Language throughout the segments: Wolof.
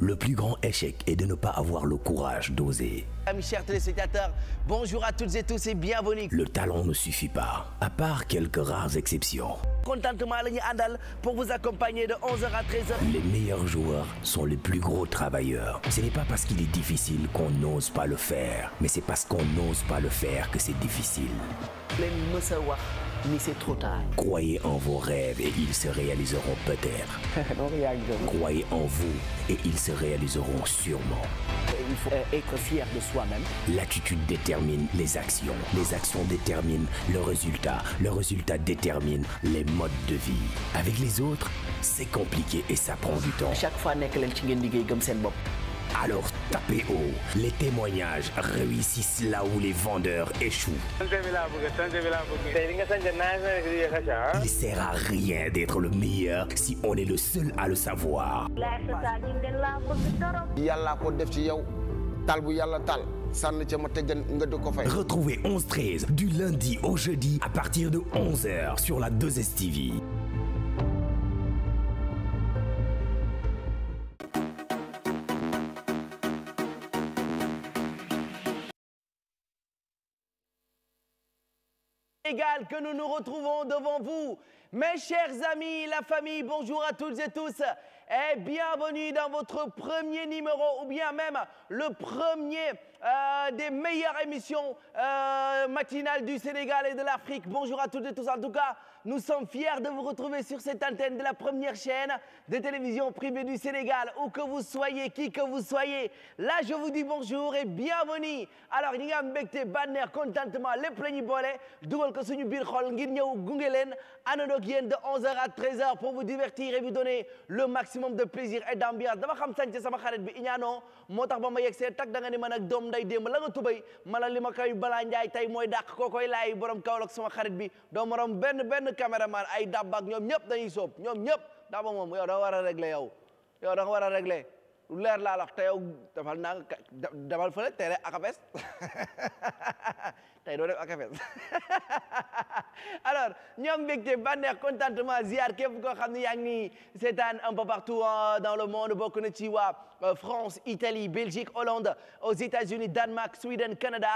Le plus grand échec est de ne pas avoir le courage d'oser. Mes chers téléspectateurs, bonjour à toutes et tous et bienvenue. Le talent ne suffit pas, à part quelques rares exceptions. Contentement la ñu àndal pour vous accompagner de 11h à 13h. Les meilleurs joueurs sont les plus gros travailleurs. Ce n'est pas parce qu'il est difficile qu'on n'ose pas le faire, mais c'est parce qu'on n'ose pas le faire que c'est difficile. a mais c'est trop tard. Croyez en vos rêves et ils se réaliseront peut-être. Croyez en vous et ils se réaliseront sûrement. Il faut euh, être de soi-même. L'attitude détermine les actions. Les actions déterminent le résultat. Le résultat détermine les modes de vie. Avec les autres, c'est compliqué et ça prend du temps. Alors tapez haut. Les témoignages réussissent là où les vendeurs échouent. Il sert à rien d'être le meilleur si on est le seul à le savoir. Retrouvez du lundi au jeudi à partir de 11 sur la 2STV. Sénégal que nous nous retrouvons devant vous. Mes chers amis, la famille, bonjour à toutes et tous et bienvenue dans votre premier numéro ou bien même le premier euh, des meilleures émissions euh, matinales du Sénégal et de l'Afrique. Bonjour à toutes et tous en tout cas. nous sommes fiers de vous retrouver sur cette antenne de la première chaîne de télévision privée du Sénégal où que vous soyez qui que vous soyez là je vous dis bonjour et bienvenue alors ñi nga am mbégte contentement lépp la ñuy boole dugal ko suñu biir xol ngir ñëw gunge leen àndandoog yéen de 11h à 13h pour vous divertir et vous donner le maximum de plaisir et d'ambiance dama xam sànc sama xarit bi iñaanoo moo tax ba ma yegg see tak da nga ni man ak doom nday démb la nga tubay mala ma koy balaa njaay tey mooy dàq koo koy laay borom Kaolack sama xarit bi benn caméraman ay dabbak ñoom ñëpp dañuy soob ñoom ñëpp daba moom yow da war a régler yow yow da nga a régler lu leer laa wax te yow tere akapes tey doo def alors ñoom mbégte bànneex contentement ziar képp koo xam ne yaa ngi nii seetaan un peu partout dans le monde bokk ci waa Euh, France Italie Belgique Hollande aux États-Unis Danemark Sweden Canada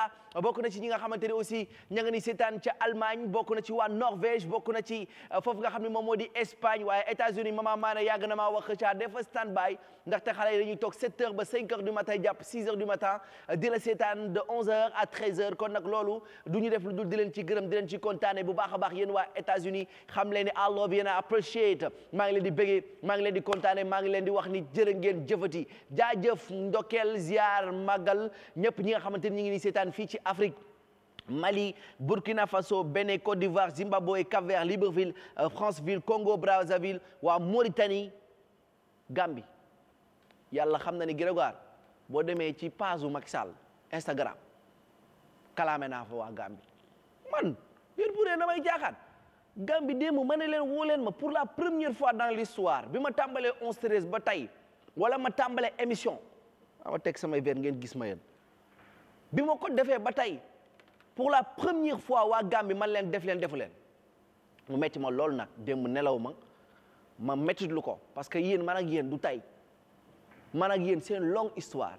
bokk na ci ñi nga xamante ne aussi ña nga ni seetaan ca Allemagne bokk na ci waa Norvège bokk na ci euh, foofu nga xam ne moom moo di Espagne waaye États-Unis mama maana yàgg na maa wax ca defa standby ndaxte xale yi dañuy toog 7 heures ba 5 heures du matin jàpp 6 heures du matin euh, di la seetaan de 11 heures à heures kon nag loolu du ñu def lu dul di leen ci gërëm di leen ci kontaane bu baax a baax yéen waa États-Unis xam leen ni I love yéen a ngi leen di bëggee maa ngi leen di kontaane maa ngi leen di wax ni jërë ngeen jëfati jaajëf ndokkeel ziar magal ñëpp ñi nga xamante ni ñu ngi ni fii ci Afrique Mali Burkina Faso Bénin Côte d'Ivoire Zimbabwe Cap-Vert Libreville euh, Franceville Congo Brazzaville waa Mauritanie Gambie yàlla xam na ni Grégoire boo demee ci page u Macky Sall Instagram kalaame naa fa waa Gambie man yéen pouree na may jaaxaan Gambie démb ma ne leen woo leen ma pour la première fois dans l'histoire bi ma tàmbalee 11 13 ba tey wala ma tàmbale émission ah, ma teg samay ver ngeen gis ma yen bi ma ko defee ba tey pour la première fois waa Gàmbi man leen def leen defu leen mu metti ma loolu nag démb nelaw ma ma métti lu ko parce que yéen man ak yéen du tey man ak yéen seen longue histoire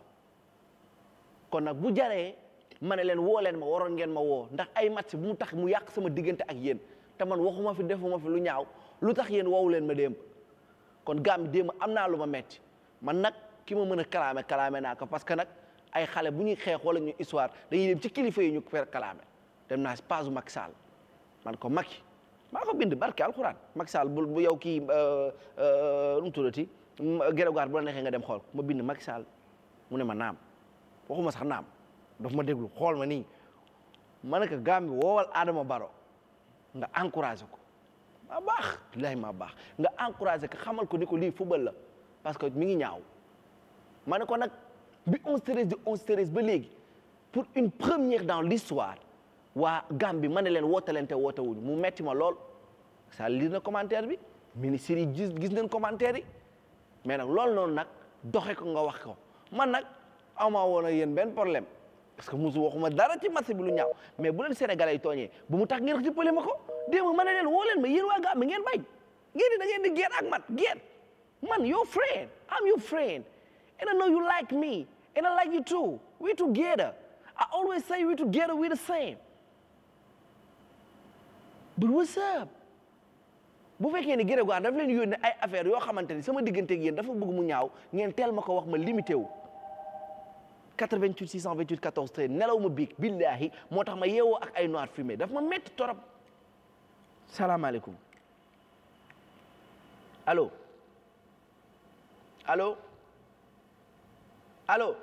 kon nag bu jaree ma ne leen woo leen ma waroon ngeen ma woo ndax ay match bu mu tax mu yàq sama diggante ak yéen te man waxuma fi defuma fi lu ñaaw lu tax yéen woowu leen ma démb kon Gàmbi démb am naa lu ma metti man nag ki ma mën a kalaame kalaame naa ko parce que nag ay xale bu ñuy xeex wala ñu histoire dañuy dem ci kilifa yi ñu per kalaame dem naa si paasu Macky Sall man ko Macky maa ko bindi barke alxuraan Macky saal bu bu yow kii euh, euh, nu mu tuddati geregaar bu la neexee nga dem xool ma bindi Macky saal mu ne ma naam waxuma sax naam daf ma déglu xool ma nii ma ne ko Gàmbi woowal Adama Baro nga encouragé ko ma baax billahi ma baax nga encouragé ko xamal ko ni ko lii football la parce que mi ngi ñaaw ma ne ko nag bi 11 13 de 11 13 ba léegi pour une première dans l'histoire waa Gambie ma ne leen woote leen te woote wuñu mu metti ma lool ça lire na commentaire bi ministre yi gis gis nañ commentaire yi mais nag loolu noonu nag doxe ko nga wax ko man nag amaa woon a yéen benn problème parce que musu waxuma dara ci match bi lu ñaaw mais bu leen Sénégalais too tooñee bu mu tax ngeen ko ci pële ma ko démb ma leen woo leen ma yéen waa Gambie ngeen bañ ngeen da ngeen di geer ak mat geer man, your friend. I'm your friend. And I know you like me. And I like you too. We're together. I always say we're together, we're the same. But what's up? bu fekkee ne gërëm daf leen yónnee ay affaire yoo xamante ni sama digganteeg yéen dafa bëgg mu ñaaw ngeen teel ma ko wax ma limité wu. 88 628 14 13 nelaw ma biig billaahi moo tax ma yeewoo ak ay noir fumé daf ma métti torop salaamaaleykum allo. alo alo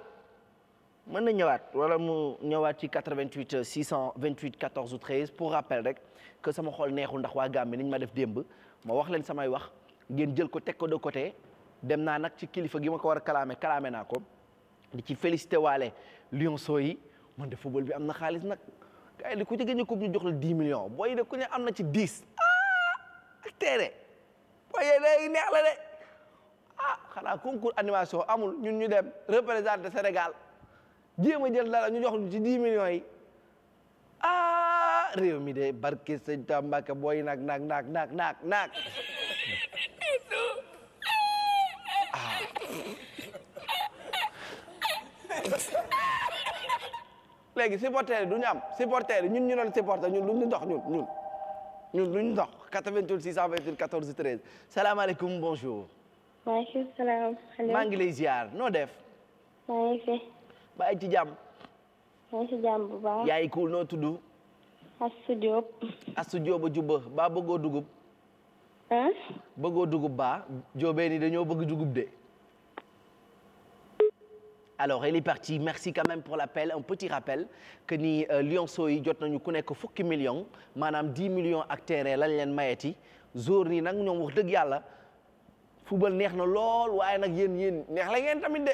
mën na ñëwaat wala mu ñëwaat ci 88 628 14 ou 13 pour rappel rek que sama xol neexul ndax waa Gàmbi niñ ma def démb ma wax leen samay wax ngeen jël ko teg ko de côté dem naa nag ci kilifa gi ma ko war a kalaame kalaame naa ko di ci félicité waale Lionceaux yi man de football bi am na xaalis nag gars yi ku ci gagné coupe ñu jox la 10 millions booy de ku ne am na ci 10 ah teere booy yee day neex la de. xanaa concours animation amul ñun ñu dem représenter Sénégal jéem a jël dara ñu jox ñu ci 10 millions yi ah réew mi de barke sëñ Tamba ka booy naag naag naag naag naag ah. naag léegi supporter yi du ñu am supporter yi ñun ñu doon supporter ñun lu ñu dox ñun ñun ñun lu ñu dox 88 628 14 13 salaamaaleykum bonjour. maaleykum maa ngi lay ziar noo def. maa ngi fi. bàyyi ci jàmm. yaay kuul noo tudd. Astou Diop. Astou Diop a jubba ba bëggoo dugub. ah. bëggoo dugub baa joobee ni dañoo bëgg dugub de. alors elle est partie merci quand même pour l'appel un petit rappel que ni euh, lionceaux soyi jot nañu ku nekk fukki million maanaam 10 millions ak terrain lañ leen mayeti jour ni nag ñoom wax dëgg yàlla. football neex na lool waaye nag yéen yéen neex la ngeen tamit de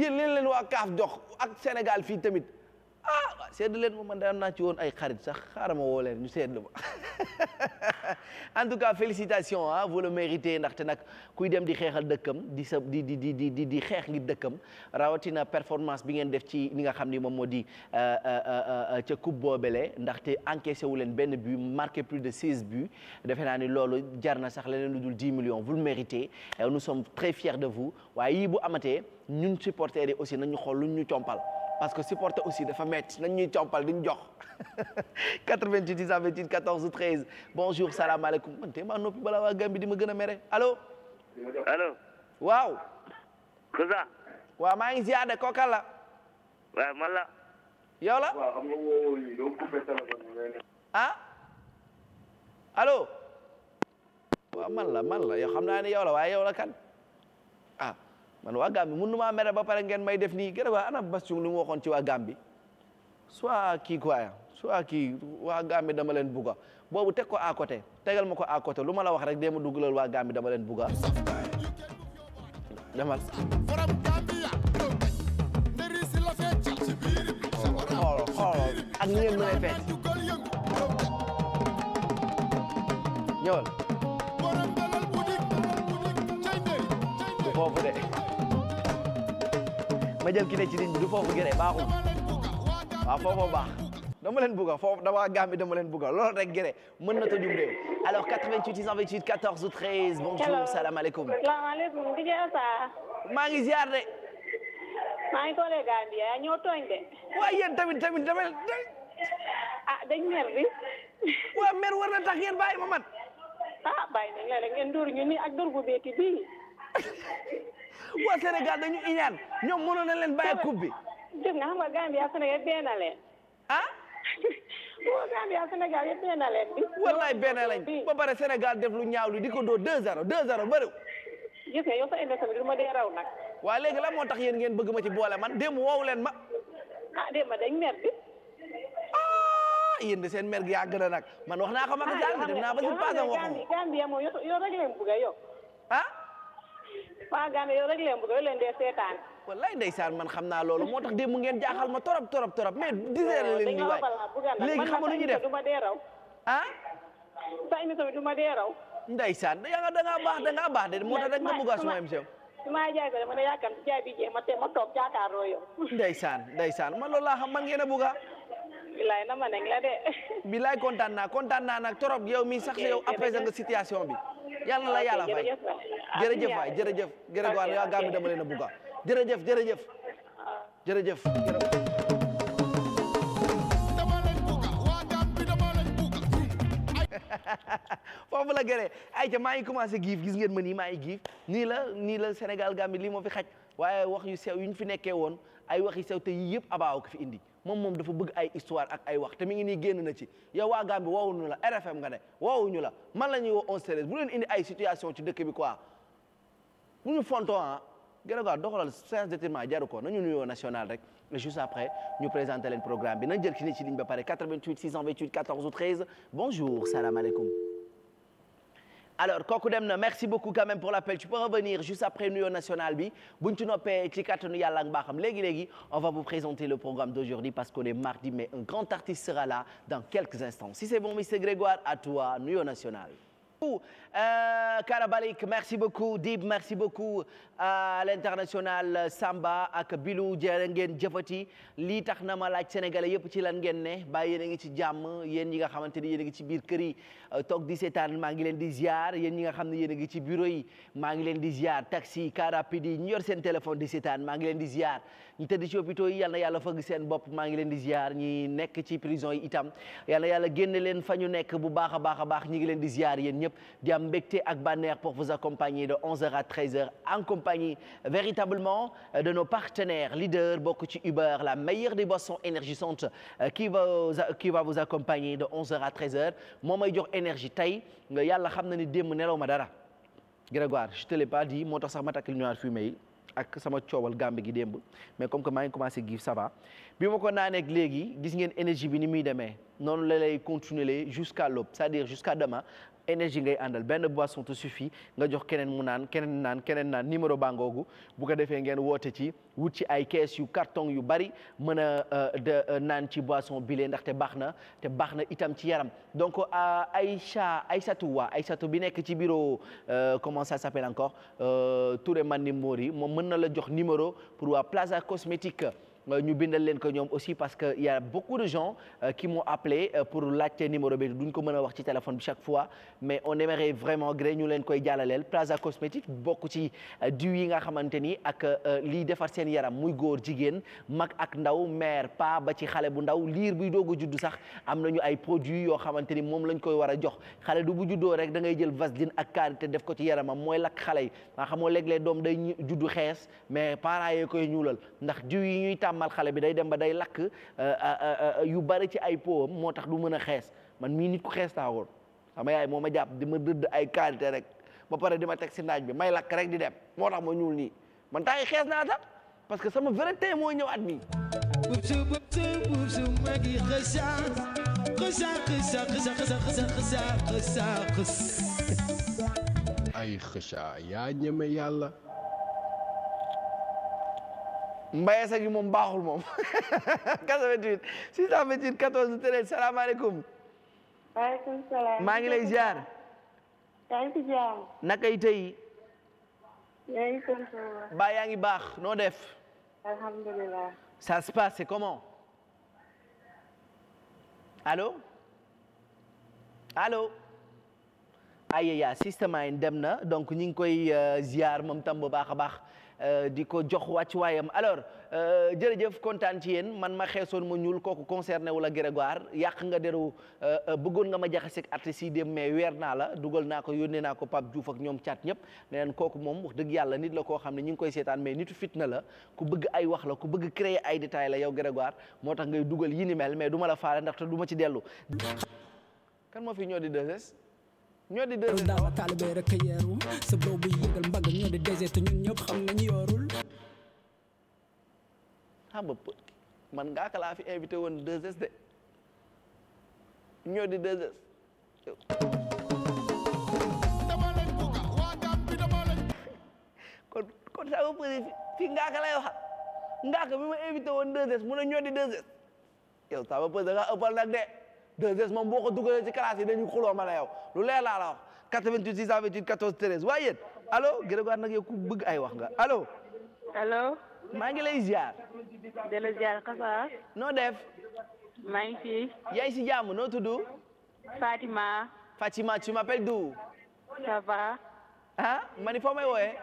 yéen leen leen waa kaaf jox ak Sénégal fii tamit ah waaw sedd leen ma man daan naa ci woon ay xarit sax xaaral ma woo leen ñu sedd ma en tout cas félicitations ah vous le méritez ndaxte nag kuy dem di xeexal dëkkam di sa di di di di di xeex ngir dëkkam rawatina performance bi ngeen def ci li nga xam ni moom moo di euh, euh, euh, ca coupe boobele ndaxte encaissé wu leen benn but marqué plus de 16 buts defe naa ni loolu jar na sax leneen lu dul 10 millions vous le méritez nous sommes très fiers de vous waaye yii bu amatee ñun supporters yi aussi nañu xool lu ñu compal parce que supporter aussi dafa métti nañ ñuy compal duñ jox 88 628 14 13 bonjour salaamaaleykum man tey maa noppi balaa waa Gambie di ma gën a mere allo. allo. waaw. Kousa. waaw maa ngi ziar de kooka la. waaw man ah. allo. waaw man la man la xam naa ne yow la waaye yow la kan ah. man waa Gàmbi mun nu maa mere ba pare ngeen may def nii gërëm waa ana Bass Thioung lu mu ci waa Gàmbi soit kii quoi soit kii waa Gàmbi dama leen bugga boobu teg ko à côté tegal ma ko à côté lu ma la wax rek dee ma duggalal waa Gàmbi dama leen bugga demal ak ni ngeen mën a fecc ñëwal foofu de ma jël ki ne ci ligne bi du foofu ba baaxul waaw foofu baax dama leen bugga foofu dama gàmbi dama leen bugga loolu rek gëree mën na tëjum réew alors 88 628 14 ou 13 bonjour salaamaaleykum. salaamaaleykum. maa ngi ziar de. maa ngi toolee Gambia ah, ñoo tooñ de. waaye yéen tamit tamit dama ah dañ mer bi. waaw mer war na tax ngeen bàyyi ma mat. ah bàyyi nañ la rek ngeen dóor ñu ni ak waa Sénégal dañu iñaan ñoom mënoon na leen bàyyi coupe bi. jëm na xam nga Gambia Sénégal benn leen. ah. waa Gambia Sénégal yëpp benn leen bi. wallaay benn ba pare senegal def lu ñaaw lu di ko doo 2-0 2-0 bëriw. gis nga ma dee raw waa léegi la moo tax yéen ngeen bëgg ma ci boole man démb woowu leen ma. ah démb ma dañ mer bi. Ah, yéen seen mer gi yàgg na nag man wax naa ko Macky ah, Sall dem naa ba si paasam waxu. Gambia moom yow leen bëgg yow. ah. waa Gambie yow rek leen man xam naa loolu moo tax démb ngeen jaaxal ma torop torop torop mais. di waay léegi xam nga lu ñuy def man ah. sa émission bi du ma dee raw. ndeysaan da ngaa baax da baax de moo tax rek nga bëgg a suma émission. su ma jaay saan de ma ne yaakaar ma man loolu laa xam man ngeen a bilaay na kontaan naa kontaan naa nag trop yow mii sax yow apaiser nga situation bi. yàlla na la yàlla fay jërëjëf waay jërëjëf jërëjëf waay yow gaa mi dama leen a bugga jërëjëf jërëjëf ah. jërëjëf foofu la gëree ayca maa ngi commencé giif gis ngeen ma nii maa ngi giif nii la nii la Sénégal bi lii moo fi xaj waaye wax yu sew yu ñu fi nekkee woon ay wax yu sew te yëpp abaaw ko fi indi moom moom dafa bëgg ay histoire ak ay wax mi ngi nii génn na ci yow waa Gambie woowuñu la RFM nga ne woowuñu la man la ñuy woo on sérieux bu leen indi ay situation ci dëkk bi quoi bu ñu fonto ah gërëm quoi doxalal séance d'étirement jaru ko nañu nuyoo national rek juste après ñu présenté leen programme bi nañ jël ci ni ci ligne ba pare 88 628 14 alors kooku dem na merci beaucoup quand même pour l'appel tu peux revenir juste après nuyo national bi buñ ci noppee ci on va vous présenter le programme d'aujourd'hui parce qu'on est mardi mais un grand artiste sera là dans quelques instants si c'est bon monsieur Grégoire à toi nuyo national Euh, Karabalik merci beaucoup Dib merci beaucoup euh, à l'international Samba ak Bilou jërë ngeen jëfati lii tax na ma laaj sénégalais yëpp ci lan ngeen ne ba yéen a ngi ci jàmm yéen ñi nga xamante ni yéen ngi ci biir kër yi euh, toog di seetaan maa ngi leen di ziar yéen ñi nga xam ne yéen a ngi ci bureau yi maa ngi leen di ziar taxi car rapide yi yor seen téléphone di setaan maa ngi leen di ziar ñu tëdd ci hôpitaux yi yal na yàlla fëgg seen bopp maa ngi leen di ziar ñi nekk ci prison itam yal na yalla génne leen fa ñu nekk bu baax baax a baax ngi leen di ziar ñëpp di am mbégte ak bànneex pour vous accompagner de 11h à 13h en compagnie véritablement euh, de nos partenaires leaders bokk ci Uber la meilleure des boissons énergisantes euh, qui va qui va vous accompagner de 11 à 13h moo jox énergie tey yàlla xam na ni démb nelaw ma dara Grégoire je te l'ai pas dit moo tax sax ma takk lumière fumée yi ak sama coowal gambe gi démb mais comme que maa ngi gi ça bi ma ko naanee léegi gis ngeen énergie bi ni muy demee énergie ngay àndal benn boisson te suffit nga jox keneen mu naan keneen naan keneen naan numéro bangoogu bu ko defee ngeen woote ci wut ci ay kees yu carton yu bari mën a euh, de euh, naan ci boisson bile ndaxte baax na te baax na itam ci yaram donc euh, Aïcha Aïssatou waa Aïssatou bi nekk ci bureau comment ça s'appelle encore Touré Mandimori moom mën na la jox numéro pour waa Plaza Cosmétique Euh, ñu bindal leen ko ñoom aussi parce que il y a beaucoup de gens euh, qui m'ont appelé euh, pour laajte numéro bi duñ ko mën a wax ci téléphone bi chaque fois mais on aimerait vraiment gré ñu leen koy jàllaleel Plaza Cosmétique bokk ci diw yi nga xamante ni ak lii defar seen yaram muy góor jigéen mag ak ndaw maire pa ba ci xale bu ndaw liir buy doog a juddu sax am nañu ay produits yoo xamante ni moom lañ koy war a jox xale du bu juddoo rek dangay ngay jël vaseline ak karité def ko ci yaramam mooy lakk xale yi nga xamoo léeg-léeg doom day juddu xees mais parents yi koy ñuulal ndax càmmal xale bi day dem ba day lakk euh, euh, euh, yu bari ci ay powam moo tax du mën a xees man mii nit ku xees taa woon sama yaay moo ma jàpp di ma dëdd ay qualité rek ba pare di ma teg si naaj bi may lakk rek di dem moo tax ma ñuul nii man taay xees naa sax parce que sama vrai tey moo ñëwaat nii ay xësa yaa ñeme yàlla mbayesa gi moom baaxul moom 88 628 14 13 salaamaaleykum. waaleykum salaam. maa ngi lay ziar. yaa ngi yaa ngi baax. noo def. alhamdulilah. ça se passe comment. allo. allo. ayeya système yi dem na donc ñu ngi koy euh, ziar moom tam bu baax a baax. Euh, di ko jox wàcc wàccuwaayam alors euh, jërëjëf kontaan ci yéen man ma xeesoon ma ñuul kooku concerné wu la Grégoire yàq nga deru euh, bëggoon nga ma jaxaseeg artistes yi dem mais weer naa la dugal naa ko yónnee naa ko Pape Diouf ak ñoom caat ñëpp ne kooku moom wax dëgg yàlla nit la koo xam ne ñu ngi koy seetaan mais nitu fitna la ku bëgg ay wax la ku bëgg créer ay détails la yow Grégoire moo tax ngay dugal yi ni mel mais du la faale ndaxte du ma ci dellu kan moo fi ñoo di 2 ñoo di deux daawa taalibee rek yeeru sa bro bu yëgal mbagg ñoo di désert ñun ñëpp xam nañu yoorul xam nga fi invité woon 2 ñoo di 2S lay wax ngaaka bi ma woon mu ñoo di ëppal nag de 2S moom boo ko dugalee ci classe yi dañu xuloo ma la yow lu leer laa la wax 88 628 14 13 waaye yéen allo Grégoire nag yow ku bëgg ay wax nga allo. allo. maa ngi lay ziar. de la ziar Kafa. noo def. maa ngi fi. yaay si jàmm noo tudd. Fatima. Fatima tu m'appelles d'où. ça va. ah mani foo may wooyee.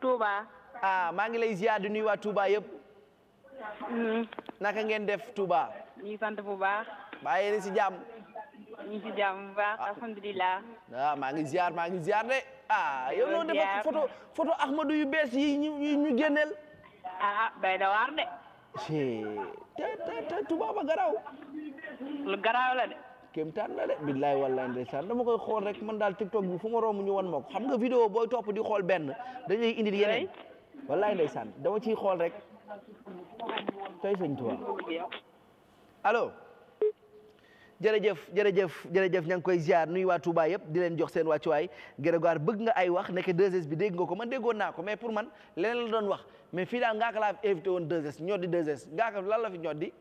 Touba. ah maa ngi lay ziar di nuyu waa Touba yëpp. Mm. naka ngeen def Touba. ñu sant bu baax. baa yéen si jàmm. ñu ngi si jàmm bu baax ah. alhamdulilah. ah maa ngi ziar maa ngi ziar de. ah yow loolu dafa photo photo Ahmadou yu bees yi ñu ñu génneel. ah bay da waar de. te te te tubaaba garaaw. lu garaaw la de. kéemtaan la de billahi wallahi ndeysaan dama koy xool rek man daal tiktok bi fu ma romb ñu wan ma ko xam nga vidéo booy topp di xool benn dañuy indil yeneen. wallahi ndeysaan dama ciy xool rek. tey sëñ Tuubaa allo. jërëjëf jërëjëf jërëjëf ña ngi koy ziar nuyu waa Touba yëpp di leen jox seen wàccuwaay Grégoire bëgg nga ay wax nekk 2 bi dégg nga ko man déggoon naa ko mais pour man leneen la doon wax mais fii daal ngaaka laa invité woon 2S ñoddi 2S ngaaka lan la fi ñoddi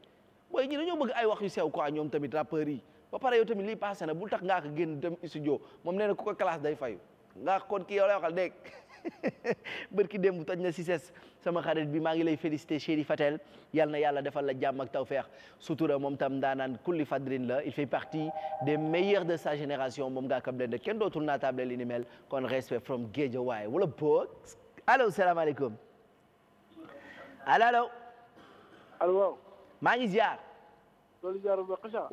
booy ñi dañoo bëgg ay wax yu sew quoi ñoom tamit rappeurs yi ba pare yow tamit lii passé na bul tax ngaaka génn dem studio moom nee na ku ko classe day fayu ngaaka kon kii yow lay waxal dégg bërki démb toj na si ses sama xarit bi maa ngi lay félicité chéri Fatel yal na yàlla defal la jàmm ak tawfeex sutura moom tam ndaanaan li fadrin la il fait partie des meilleurs de sa génération moom ngaa kam leen de kenn dootul naa table li ni mel kon respect from Guédiawaye wala boog allo salaamaaleykum allo allo allo maa jaar bu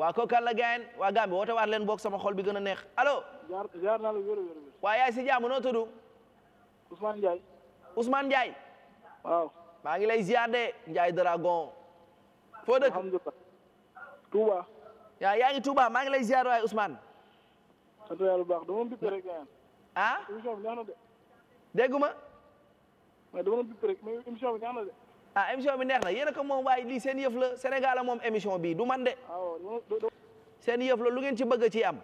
baax kan la gayen waa Gambie woote waat leen boog sama xol bi gën a neex allo. waa yaay si jàmm noo Ousmane Ndiaye. Ousmane Ndiaye. maa ngi lay ziar de Ndiaye Dragon. foo dëkk alhamdulilah. Touba. yaa ngi Touba maa ngi lay ziar waay Ousmane. sant yàlla bu baax dama bippe rek ngeen. ah bi neex na de. dégguma. mais dama bippe rek mais émission bi ah, moom waaye lii seen yëf Sénégal a moom émission bi du de. Ah, seen yëf la lu ngeen ci bëgg ci am.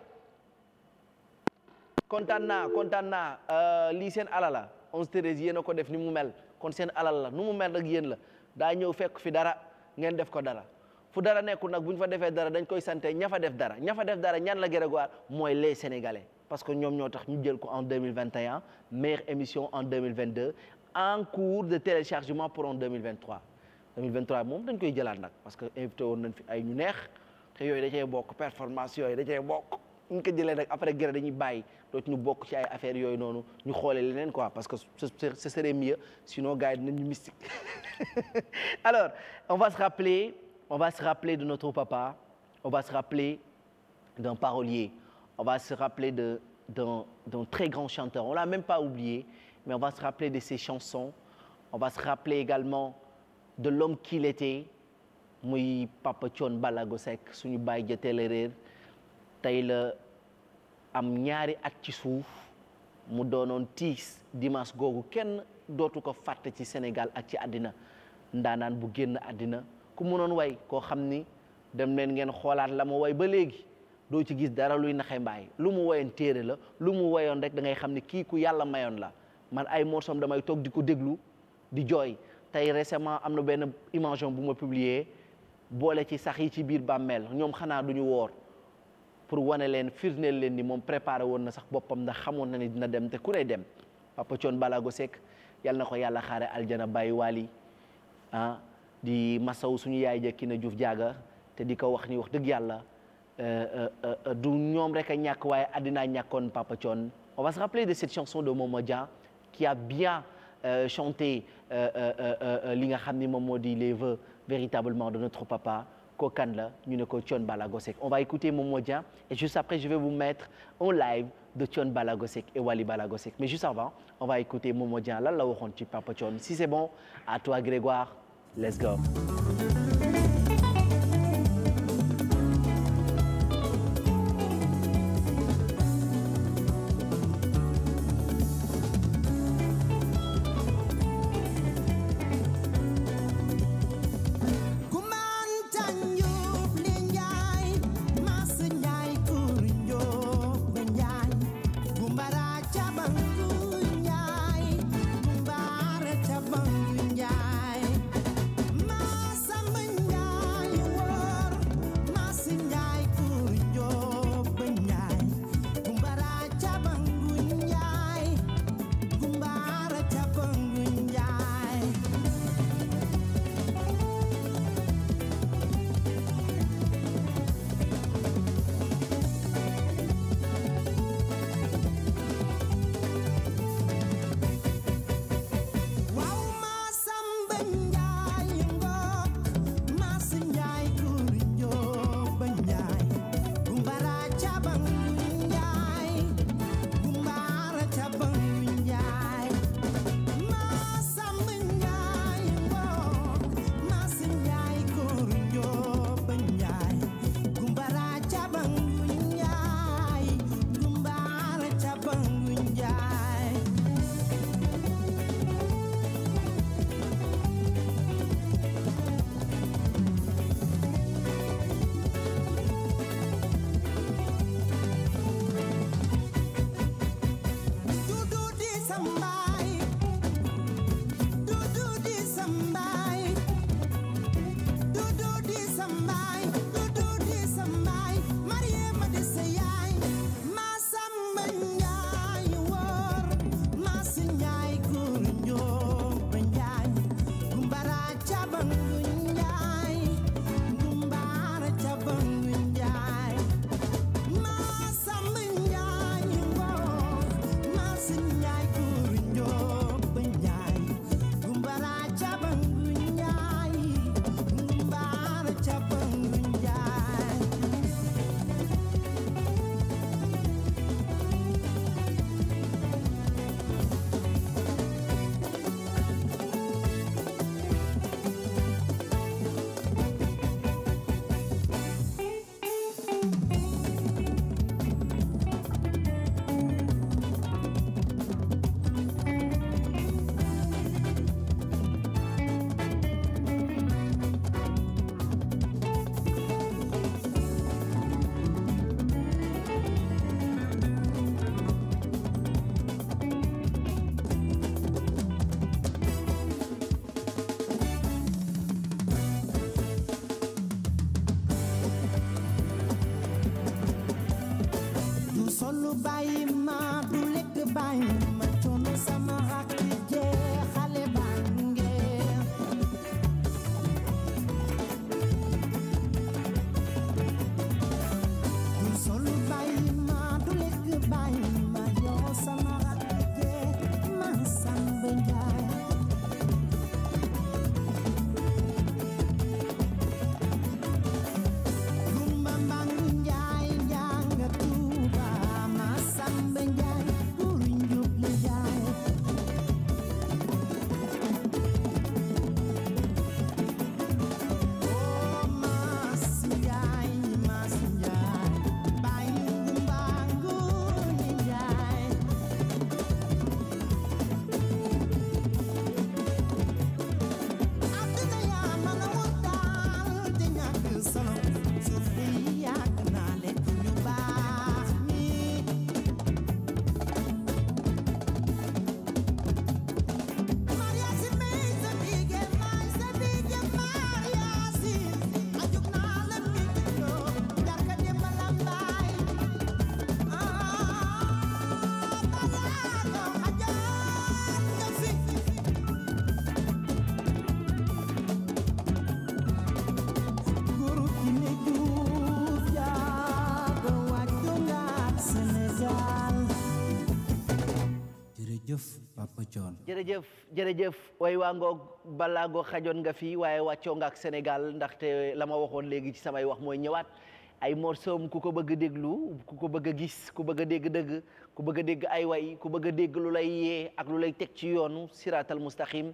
kontaan naa euh, lii seen ala onze treize yéen a ko def ni mu mel kon seen alal la nu mu mel rek yéen la daa ñëw fekk fi dara ngeen def ko dara fu dara nekku nag bu ñu fa defee dara dañ koy sante ña fa def dara ña fa def dara ñan la Grégoire mooy les sénégalais parce que ñoom ñoo tax ñu jël ko en 2021 meilleure émission en 2022 en cours de téléchargement pour en 2023 2023 moom dañ koy jëlaat nag parce que invité woon nañ fi ay ñu neex yooyu da cee bokk performance yooyu da cee bokk ñu ko jëlee rek après guerre dañuy bàyyi dootu ñu bokk ci ay affaires yooyu noonu ñu xoolee leneen ko parce que ce serait mieux sinon gars yi dinañu mystique alors on va se rappeler on va se de notre papa on va se rappeler d'un parolier on va se rappeler de d'un d'un très grand chanteur on l'a même pas oublié mais on va se rappeler de ses chansons on va se rappeler également de l'homme qu'il était muy Papa Thione Ballago Seck suñu baay jëteele réer tey la am ñaari at ci suuf mu doonoon tiis dimaas googu kenn dootu ko fàtte ci Sénégal ak ci àddina ndaanaan bu génn àddina ku mënoon way koo xam ni dem leen ngeen xoolaat la mu way ba léegi doo ci gis dara luy naxe lu mu woyoon téere la lu mu woyoon rek da ngay xam ni kii ku yàlla mayoon la man ay morsom damay toog di ko déglu di jooy tey récemment am na benn image bu ma publier boole ci sax yi ci biir bàmmeel ñoom xanaa duñu ñu woor pour wane leen firndeel leen ni moom préparé woon na sax boppam ndax xamoon na ni dina dem te ku ne dem Papa Thione Balago Seck yal na ko yàlla xaare aljana bàyyi waali ah di masaw suñu yaay ja na Diouf jaaga te di ko wax ni wax dëgg yàlla euh, euh, euh, du ñoom rek a ñàkk waaye àddinaa ñàkkoon Papa Thione on va se rappeler de cette chanson de Momodia qui a bien chanté li nga xam ni moom moo di les vœux véritablement de notre papa ko kan la ne ko Thione Ballago on va écouter Momo Dia et juste après je vais vous mettre en live de Thione Ballago Seck et Wally Ballago Seck mais juste avant on va écouter Momo Dia lan la waxoon ci Papa Thione si c'est bon à toi Grégoire let's go jërëjëf way waa ngoog balaa ngoog xajoon nga fii waaye wàccoo nga ak Sénégal ndaxte la ma waxoon léegi ci samay wax mooy ñëwaat ay morsoom ku ko bëgg déglu ku ko bëgg gis ku bëgg a dégg dëgg ku bëgg dégg ay way ku bëgg a dégg lu lay yee ak lu lay teg ci yoonu siraatal mustaqim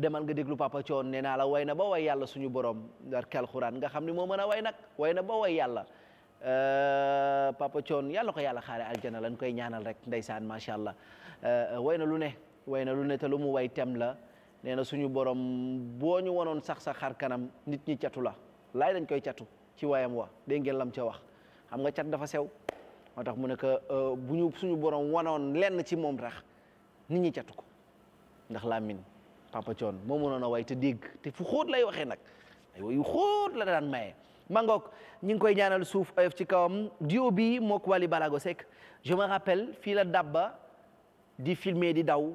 demal nga déglu Papa Thione nee naa la way na ba way yàlla suñu borom barke alxuraan nga xam ni moo mën a way nag way na ba way yàlla euh, Papa Thione yàlla ko yàlla xaare aljana lañ koy ñaanal rek ndeysaan macha allah euh, euh, na lu ne way na lu ne te lu mu way tem la nee na suñu borom boo ñu wanoon sax sa xar kanam nit ñi catu la laay dañ koy catu ci wayam wa dégg ngeen lam ca wax xam nga cat dafa sew moo tax mu ne que euh, bu ñu suñu borom wanoon lenn ci moom tax nit ñi catu ko ndax làmmiñ papa coon moo mënoon a way te dégg te fu xóot lay waxee nag ay wayu xóot la daan maye mangook ñi ngi koy ñaanal suuf oyof ci kawam dio bi mook Wally Balago Seck je me rappelle fii la dabba di filmer di daw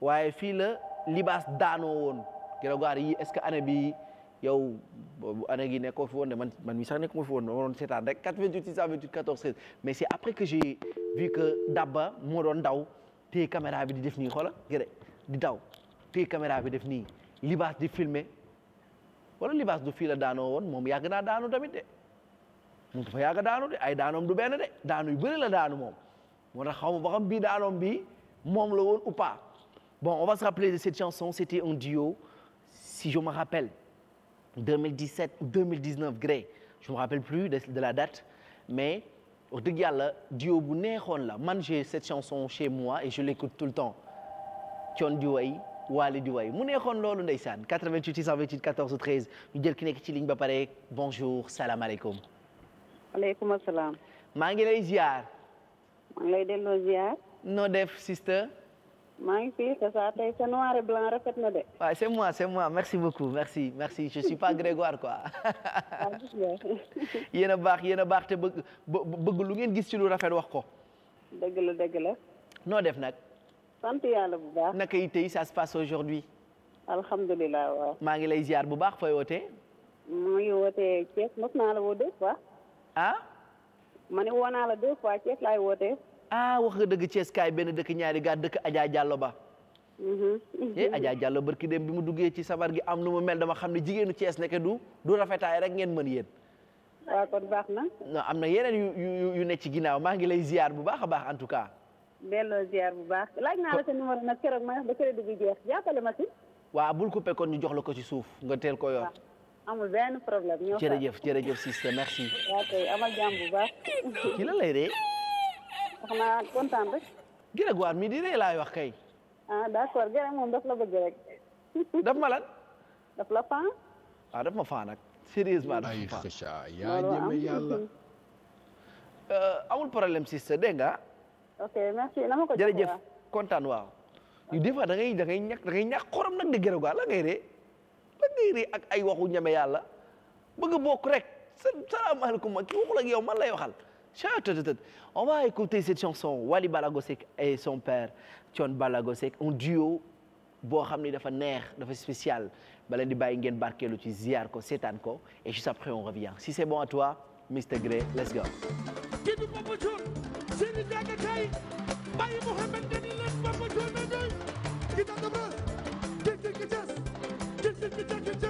waaye fii la libaas daanoo woon Grégoire yi est-ce que année bi yow boobu gi nekkoo fi woon de man man mi sax nekkuma fi woon ma doon seetaan rek 88 628 14 16 mais c'est après que j'ai vu que Dabba moo doon daw téye caméra bi di def nii xoola gëré di daw téye caméra bi def nii libaas di filmer wala libaas du fii la daanoo woon moom yàgg naa daanu tamit de moom dafa yàgg daanu de ay daanoom du benn de daanu yu bari la daanu moom moo tax xaw ma ba xam moom la woon ou pas Bon, on va se rappeler de cette chanson, c'était un duo, si je me rappelle, 2017 ou 2019 Grey. Je me rappelle plus de, de la date, mais wax dëgg yàlla duo bu neexoon la man j'ai cette chanson chez moi et je l'écoute tout le temps Thione di way di way mu neexoon loolu ndeysaan 88 628 14 13 ñu jël ki nekk ci ligne ba pare bonjour salaamaaleykum. waaleykum salaam. maa ngi lay ziar. maa ngi fi c'est ça tey c'est noir blanc rafet na de. waaw c'est moi c'est moi merci beaucoup merci merci je suis pas Grégoire quoi. Ah, yéen baax yéen a baax te bëgg bëgg lu ngeen gis ci lu rafet wax ko. dëgg la dëgg la. noo def nag. sant yàlla bu baax. naka yi sa ça se passe aujourd'hui alhamdulilah maa ngi lay ziar bu baax fooy wootee. maa ngi wootee mos naa la woo deux fois. ah. ma ne woo naa la deux fois Thiès laay wootee. ah wax nga dëgg Thiès kaay benn dëkk ñaari gaar dëkk ajaa jàllo ba. Mm-hmm. eh Adja Diallo barki dem bi mu duggee ci sabar gi am nu mu mel dama xam ne jigéenu cees nekk du du rafetaay rek ngeen mën yéen. waaw kon baax na. non am na yeneen yu yu yu ne ci ginnaaw maa ngi lay ziar bu baax a baax en tout cas. delloo ziar la sa numéro bi jeex jàppale ma si. waaw bul coupé kon ñu jox la ko ci suuf nga teel koy wax amul benn problème ñoo ko jërëjëf jërëjëf sister merci. waaw kay amal jàmm bu baax. la lay xanaa kontaan rek. mii di ree laay wax kay. ah d'accord Grégoire moom daf la bëgg rek. daf ma lan. daf la faa. ah daf ma faa nag sérieusement daf ma faa. ay xëcca yaa ñeme yàlla. Euh, amul problème si sa dégg nga. ok kontaan waaw. yu des fois da ngay da ngay ñàkk da ngay ñàkk xorom nag de Grégoire la ak ay waxu ñeme yàlla bëgg bokk rek salaamaaleykum ma ki waxul ak yow man lay waxal. On va écouter cette chanson Wally Ballago Seck et son père Thione Ballago Seck duo boo xam ni dafa neex dafa spécial bala di bàyyi ngeen barkeelu ci ziar ko seetaan ko et juste après on revient si c'est bon à toi Mr Grey let's go. gidi Papa Thione seeni jàngataay bàyyi Mouhamed dañu leen Papa Thione na doy gita dabra gita gitas gita gitas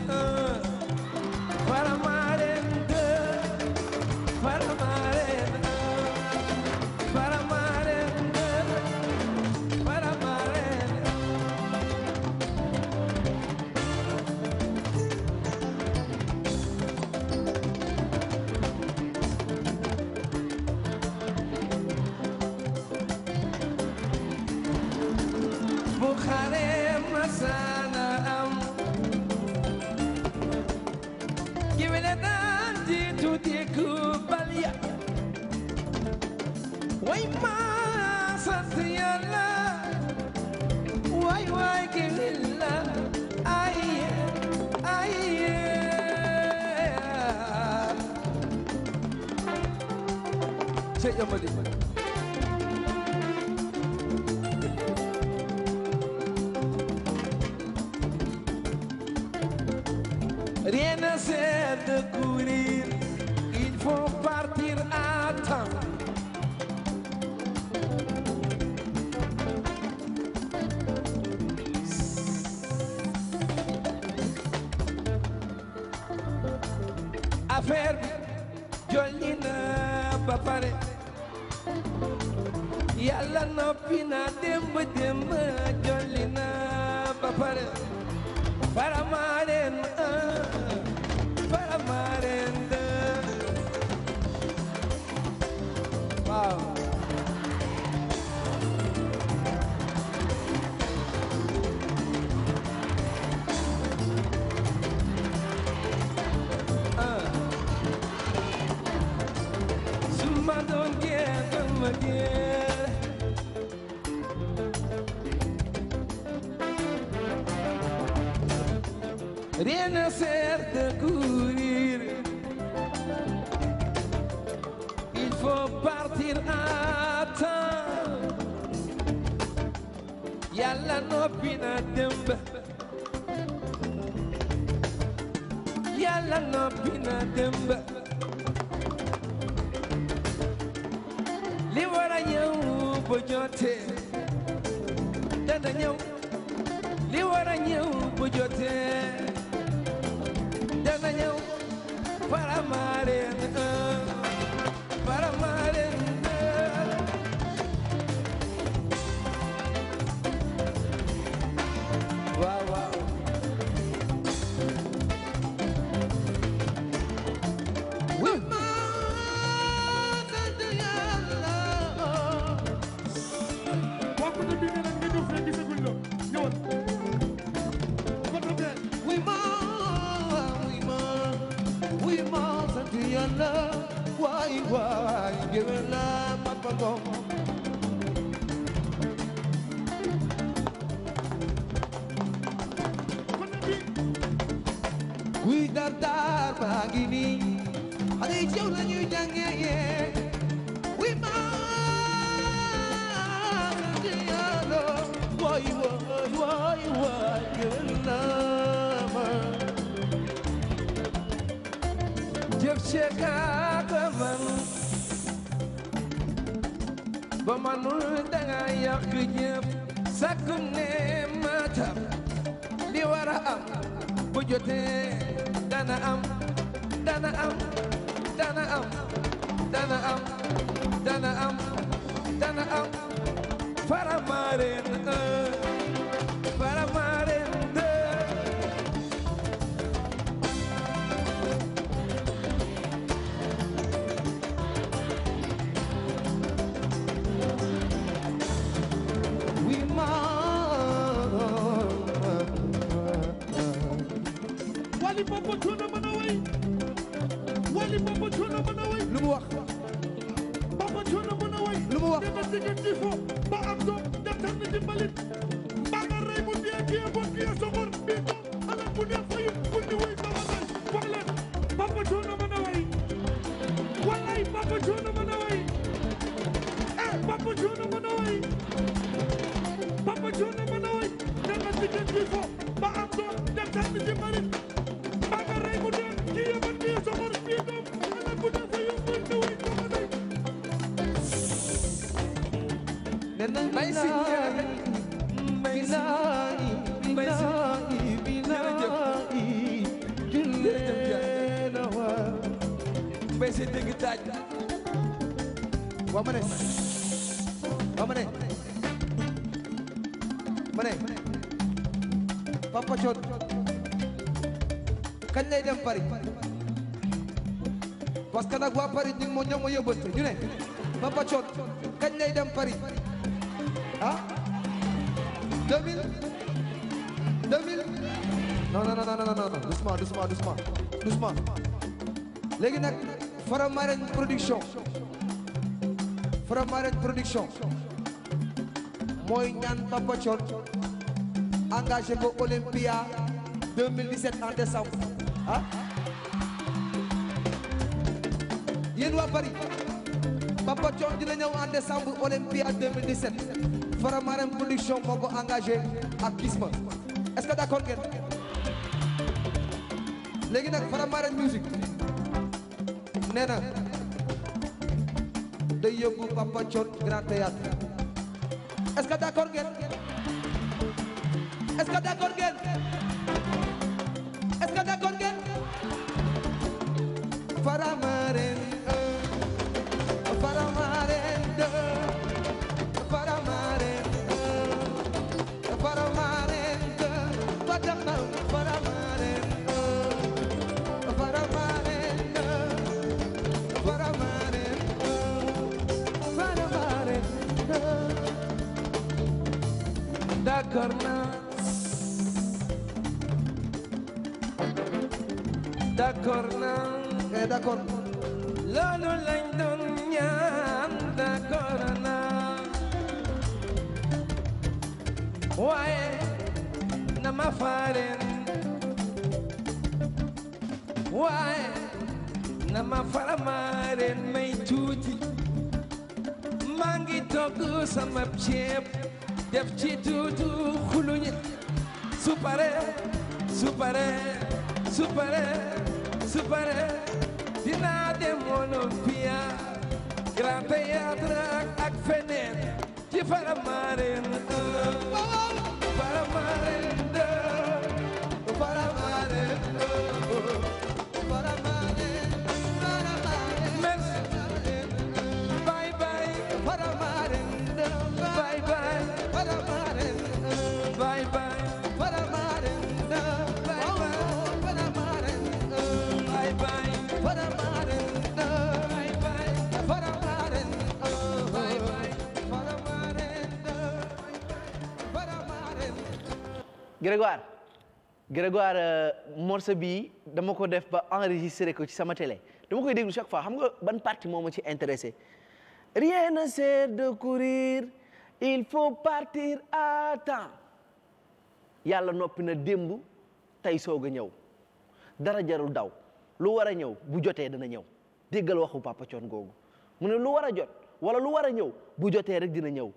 gi ni nag waa Paris ñu ngi ma ñoom ma yóbbante ñu ne Papa Thione kañ lay dem Paris ah 2000 2000 non non non non non doucement doucement doucement doucement léegi nag Faramaren production Faramaren production mooy ñaan Papa Thione engagé ko Olympia 2017 en décembre ah yéen waa Paris Papa Thione dina ñëw en décembre Olympia 2017 Faramareen production moo ko engagé ak est-ce que d'accord ngeen léegi nag Faramareen musique nee na day yóbbu Grand Théâtre est-ce que d'accord ngeen est mais loolu lañ doon ñaan d'accord na waaye na ma faalen waaye na ma faramaaren may tuuti maa ngi togg sama ceeb def ci tuutu xuluñ su pare su pare Monospia, Gran Teatro. Grégoire Grégoire euh, morceau bii dama ko def ba enregistré ko ci sama tele dama koy déglu chaque fois xam nga ban partie moo ma ci intéressé rien ne sert de courir il faut partir à temps yàlla noppi na démb tey soog a ñëw dara jarul daw lu war a ñëw bu jotee dana ñëw déggal waxu papa coon googu mu ne lu war a jot wala lu war a ñëw bu jotee rek dina ñëw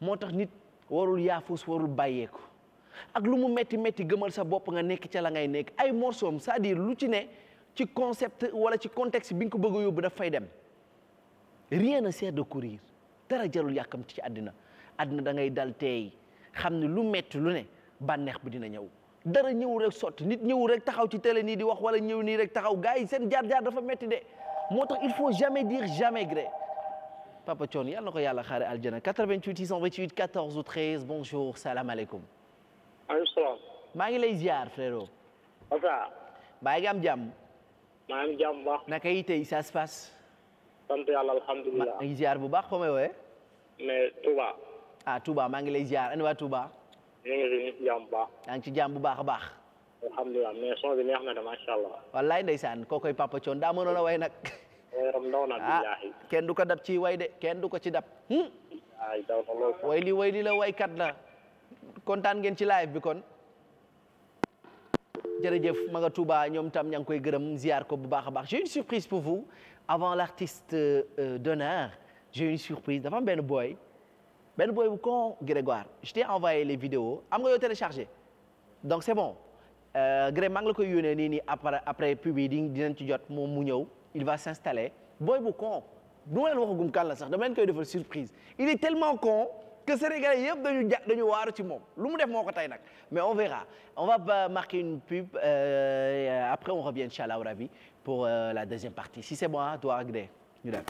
moo tax nit warul yaafus warul bàyyeeku ak lu mu metti metti gëmal sa bopp nga nekk ca la ngay nekk ay morceaux sa diir lu ci ne ci concept wala ci contexte bi nga ko bëgg a yóbbu daf fay dem rien ne sert de courir dara jarul yàkkamti ci àddina àddina da ngay dal teey xam ni lu metti lu ne bànneex bi dina ñëw dara ñëw rek sotti nit ñëw rek taxaw ci télé nii di wax wala ñëw nii rek taxaw gars yi seen jaar-jaar dafa metti de moo tax il faut jamais dire jamais gré Papa Thione yàlla na ko yàlla xaare aljana 88 maaleykum salaam. maa ngi lay ziar frérot. Moussa. baa ngi am jàmm. maa ngi jàmm bu naka yi tey ça se passe. sant yàlla bu baax xome wooye. mais a ah maa ngi lay ziar ana waa Touba. ñu ngi ñu ci jàmm bu baax. yaa ngi ci jàmm bu baax a baax. alhamdulilah mais son neex na de macha allah. wallaay ndeysaan kookoy papa Thion daa mënoon way nag. yaram na billahi. kenn du ko dab ci way de kenn du ko ci dab. wayli wayli la waykat la. kontaan ngeen ci live bi kon jërëjëf ma nga Touba ñoom tam ña ngi koy gërëm ziar ko bu baax a baax j'ai une surprise pour vous avant l'artiste euh, d'honneur j'ai une surprise dafa am benn boy benn boy bu kon Grégoire je t'ai envoyé les vidéos am ga yoo téléchargé donc c'est bon euh, Gré maa ngi la koy yónnee nii nii après après pub yi dinañ ci jot moom mu ñëw il va s'installer boy bu con du ma leen waxagum kan la sax dama koy defal surprise il est tellement con que Sénégalais yëpp dañu ja dañu waaru ci moom lu mu def moo ko tey nag mais on verra on va marquer une pub euh, après on revient inchallah rabi pour euh, la deuxième partie si c'est bon ah Dóor ak Dé ñu dem.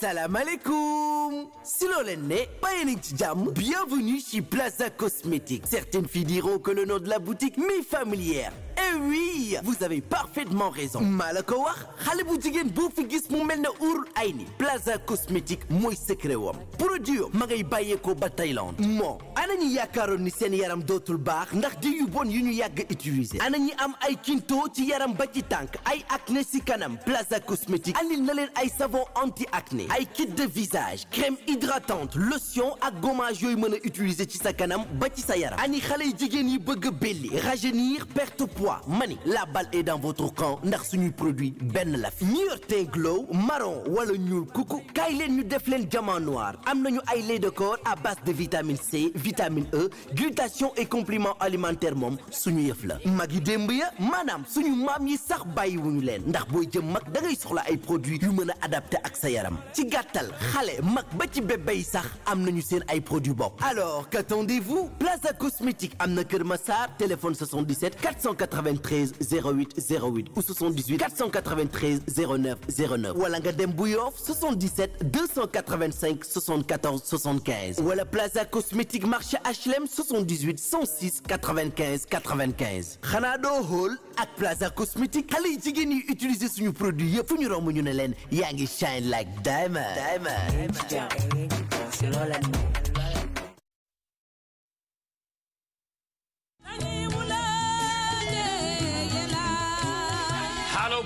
salaamaaleykum si loo leen ne bàyyi nañ ci jàmm bienvenue chez Plaza Cosmétique certaines filles diront que le nom de la boutique m'est familière oui vous avez parfaitement raison maa la ko wax xale bu jigéen boo fi gis mu mel ne urul ay ni plaza cosmétique mooy secret wam produit am ma ngay bàyyeekoo ba Thaïlande moo ana ñi yaakaaroon ni seen yaram dootul baax ndax di yu bon yu ñu yàgg utiliser ana ñi am ay kinto ci yaram ba ci tànk ay ne si kanam plaza cosmétique andil na leen ay savon anti acné ay kit de visage crème hydratante lotion ak gommage yooyu mën a utiliser ci sa kanam ba ci sa yaram ani xale jigéen yi bëgg a belli rajeunir perte poids mani la balle est dans votre camp ndax suñuy produit benn la fi ñi yor teint glow marron wala ñuul kuku kaay leen ñu def leen diamant noir am nañu ay lait de corps à base de vitamine C vitamine E glutation et complément alimentaire moom suñu yëf la mag yi démb ya maanaam suñu maam yi sax bàyyiwuñu leen ndax booy jëm mag da ngay soxla ay produits yu mën a adapté ak sa yaram ci gàttal xale mag ba ci bébé yi sax am nañu seen ay produits bopp alors qu'attendez-vous Plaza Cosmétique am na Kër 493 08 08 ou 78 493 wala nga dem bu Yoff 77 285 74 75 wala Plaza Cosmétique marché HLM 78 106 95 95 xanaa doo hall ak Plaza Cosmétique xale yi jigéen yi utiliser suñu produit yëpp fu ñu romb ñu ne leen yaa ngi shine like diamond diamond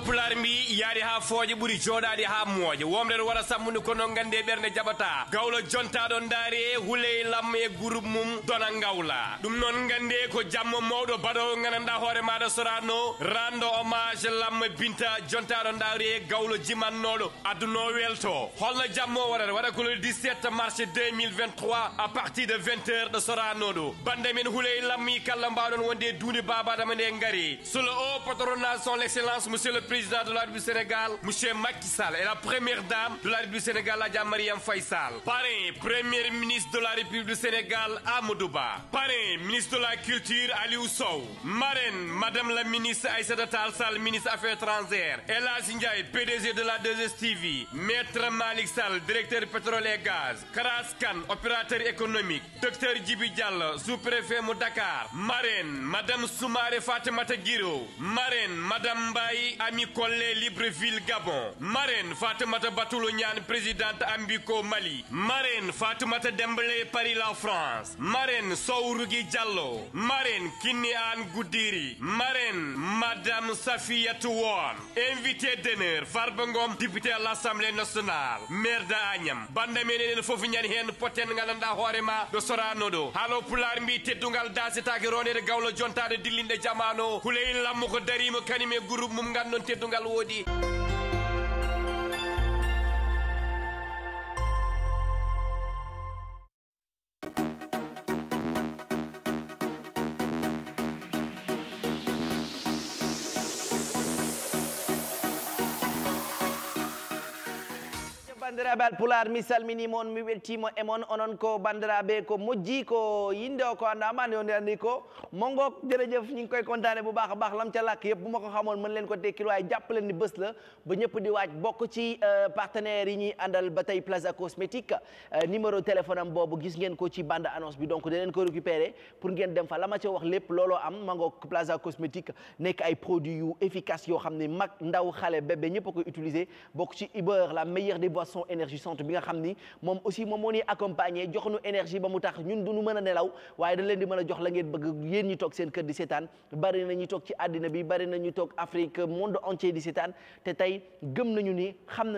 pulaar mbi yaari ha fooje ɓuri jooɗaade ha mooje womrede wara sammude ko noon gandi e ɓernde jabata gawla jontaɗo ndaari huuley lam e groupe mum dona ngawla ɗum noon gandi ko jamma mawɗo baɗowo gandanɗa hoore maɗa sorano rando hommage lam binta jontaɗo ndaari e gawlo jimannoɗo welto holno jamma warata waɗa ko le 17 mars 2023 à partir de 20 heures ɗo soranoɗo bande men huuley lammi kalla wonde e duunde babadama président de la République du Sénégal monsieur et la première dame de la République du Sénégal Adja Mariam Faye Sall. parrain ministre de la République du Sénégal Amadou Ba. parrain ministre de la culture Aliou Sow. marraine madame la ministre Aïssata Tall Sall ministre affaires étrangères El Hadj Ndiaye de la 2STV maître Malick Sall directeur pétrole et gaz. Karaas Kan opérateur économique docteur Djibi Diallo sous-préfet mu Dakar. marraine madame Soumaré Barthélemy Collé Libreville Gabon marraine Fatoumata Batoulou Niane présidente Mali marraine Fatoumata Dembélé Paris la France marraine Sowrugi Diallo marraine Kini Anne Goudiri marraine Madame Safiatou Wane invité d'honneur Farba Ngom député à l'Assemblée nationale maire de Agnam bande mene enen fof ñani hen poten gandanɗa hoorema ɗo soranoɗo haalo pular mbi teddugal dasetaake ronede gawlo jontade dillinɗe jamano huley lammo ko darima kañum mum gandon teddugal woodi heɓal pular mi salminima on mi weltima e moon onon ko bandiraɓe ko moƴƴi ko yinde o ko andama nde onde andi ko mongo jërëjëf ñu ngi koy contane bu baax a baax lam ca làkk yëpp bu ma ko xamoon mën leen ko tekkil waaye jàpp leen ni bés la ba ñëpp di waaj bokk ci euh, partenaires yi ñuy àndal ba plaza cosmétique euh, numéro téléphone am boobu gis ngeen ko ci bande annonce bi donc daneen ko récupérer pour ngeen dem fa la ma ca wax lépp looloo am mango plaza cosmétique yoo xam ne mag ndaw xale a koy énergisante bi nga xam ni moom aussi moom moo ñuy accompagner jox nu na ñu toog na ñu toog Afrique monde entier di seetaan te tey gëm nañu ni xam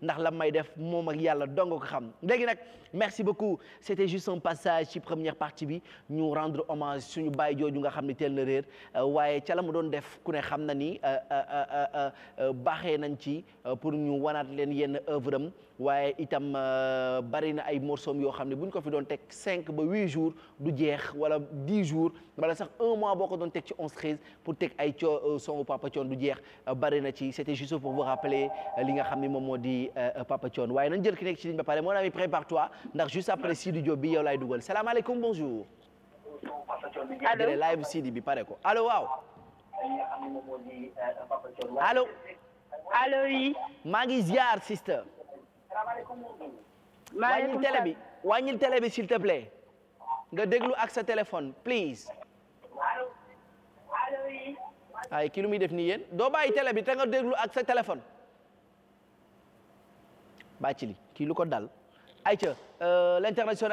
na la may def moom ak yàlla dong ko xam léegi nag merci beaucoup c'était juste un passage ci première partie bi ñu rendre hommage suñu baay jooju nga xam ni teel na réer waaye ca la mu doon def ku ne xam na ni euh, euh, euh, baaxee nañ ci pour ñu wanaat leen yenn œuvre am waaye itam euh, bari na ay morceaux yoo xam ne bu ñu ko fi doon teg cinq ba huit jours du jeex wala dix jours wala sax un mois boo ko doon teg ci onze treize pour teg ay co euh, songu Papa Thione du jeex euh, bari na ci c'était juste pour vous rappeler li nga xam ne moom moo di Papa Thione waaye nañ jël ki nekk ci ligne ba pare mon ami prépare toi ndax juste après Sidi Diop bi yow laay dugal salaamaaleykum bonjour. allo live Sidi bi pare ko alo waaw. allo. allo oui. maa ngi ziar sister. wàññil télé bi wàññil télé bi s'il te plaît. nga déglu ak sa téléphone please. ay ki lu muy def nii yéen doo bàyyi bi te nga déglu ak sa téléphone. bàcc li kii lu ko dal ayca. Euh, ma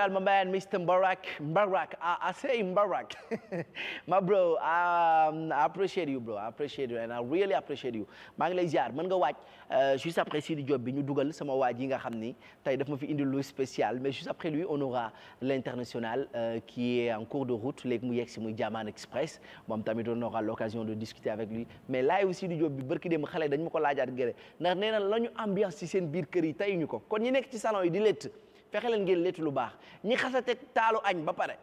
Mambayan, Mr. Mbarak, Mbarak, I, I say Mbarak. My bro, I, um, I appreciate you, bro. I appreciate you and I really appreciate you. maa ngi lay ziar mën nga waaj eh, juste après Sidi Diop bi ñu dugal sama waaj yi nga xam ni tey def ma fi indi lu spécial mais juste après lui on aura l'international euh, qui est en cours de route léegi mu yegg si muy Jaman Express moom tamit on aura l'occasion de discuter avec lui mais laay aussi Sidi Diop bi barki dem xale dañ ma ko laajaat gërëm ndax na la seen biir kër yi tey ñu ko kon ñi nekk ci salon yi fexe leen ngeen leetu lu baax ñi xasate taalu añ ba pare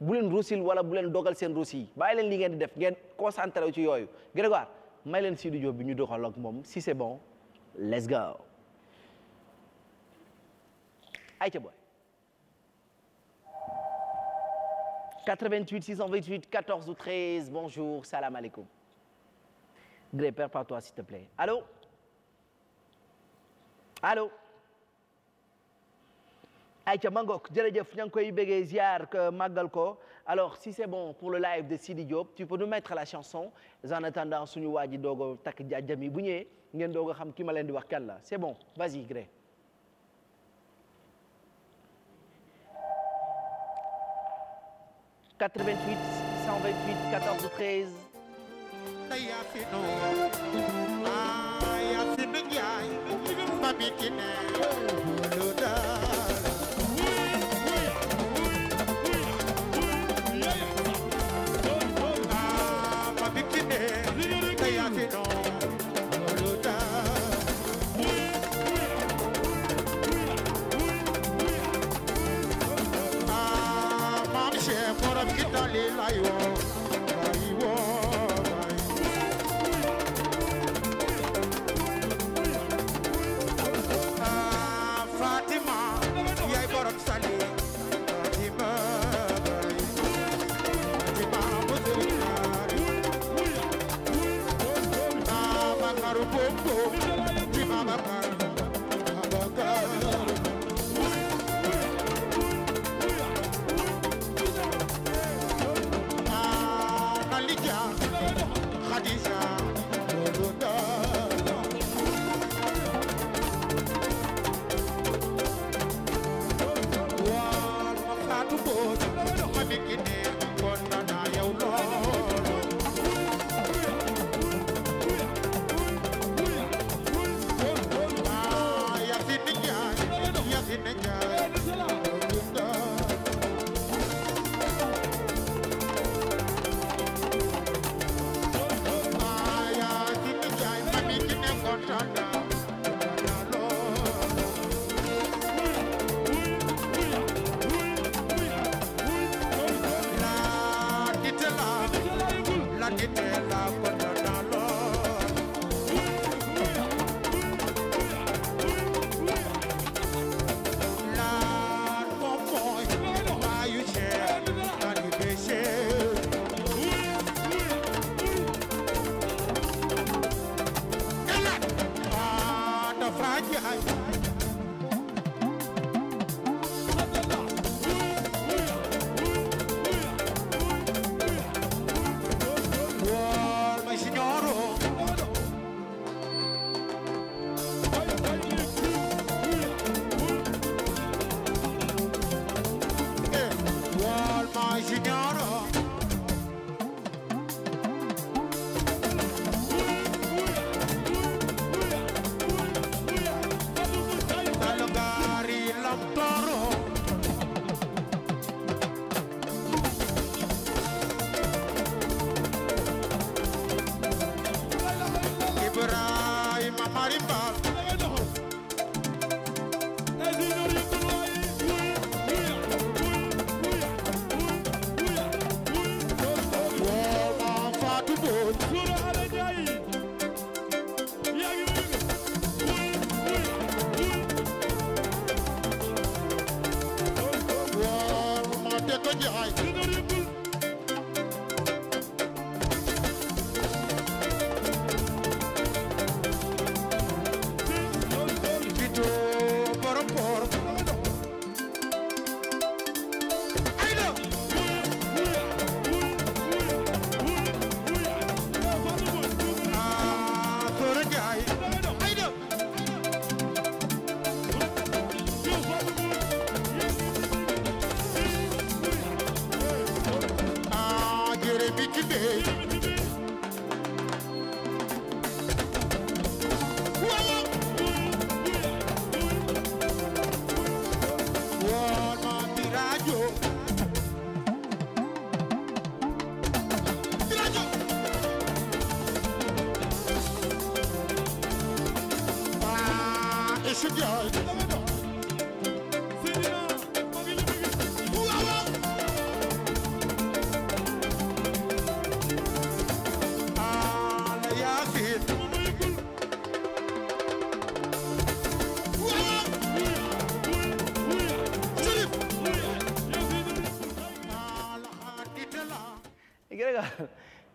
bu leen ruusil wala bu leen dogal seen ruus yi bàyyi leen li ngeen di def ngeen concentré wu ci yooyu Grégoire may leen Sidy Diop bi ñu doxal ak moom si c'est bon les go ayca booy 88 628 14 ou 13 bonjour salaamaaleykum Gré, prépare-toi s'il te plaît allô allô ayca mangok jërëjëf ña ngi koy béggee ziar màggal ko alors si c'est bon pour le live de Sidi Diop tu peux nous mettre la chanson en attendant suñu waa ji doog a takk jaajami bu ñëwee ngeen doog a xam ma leen di wax kan la c'est bon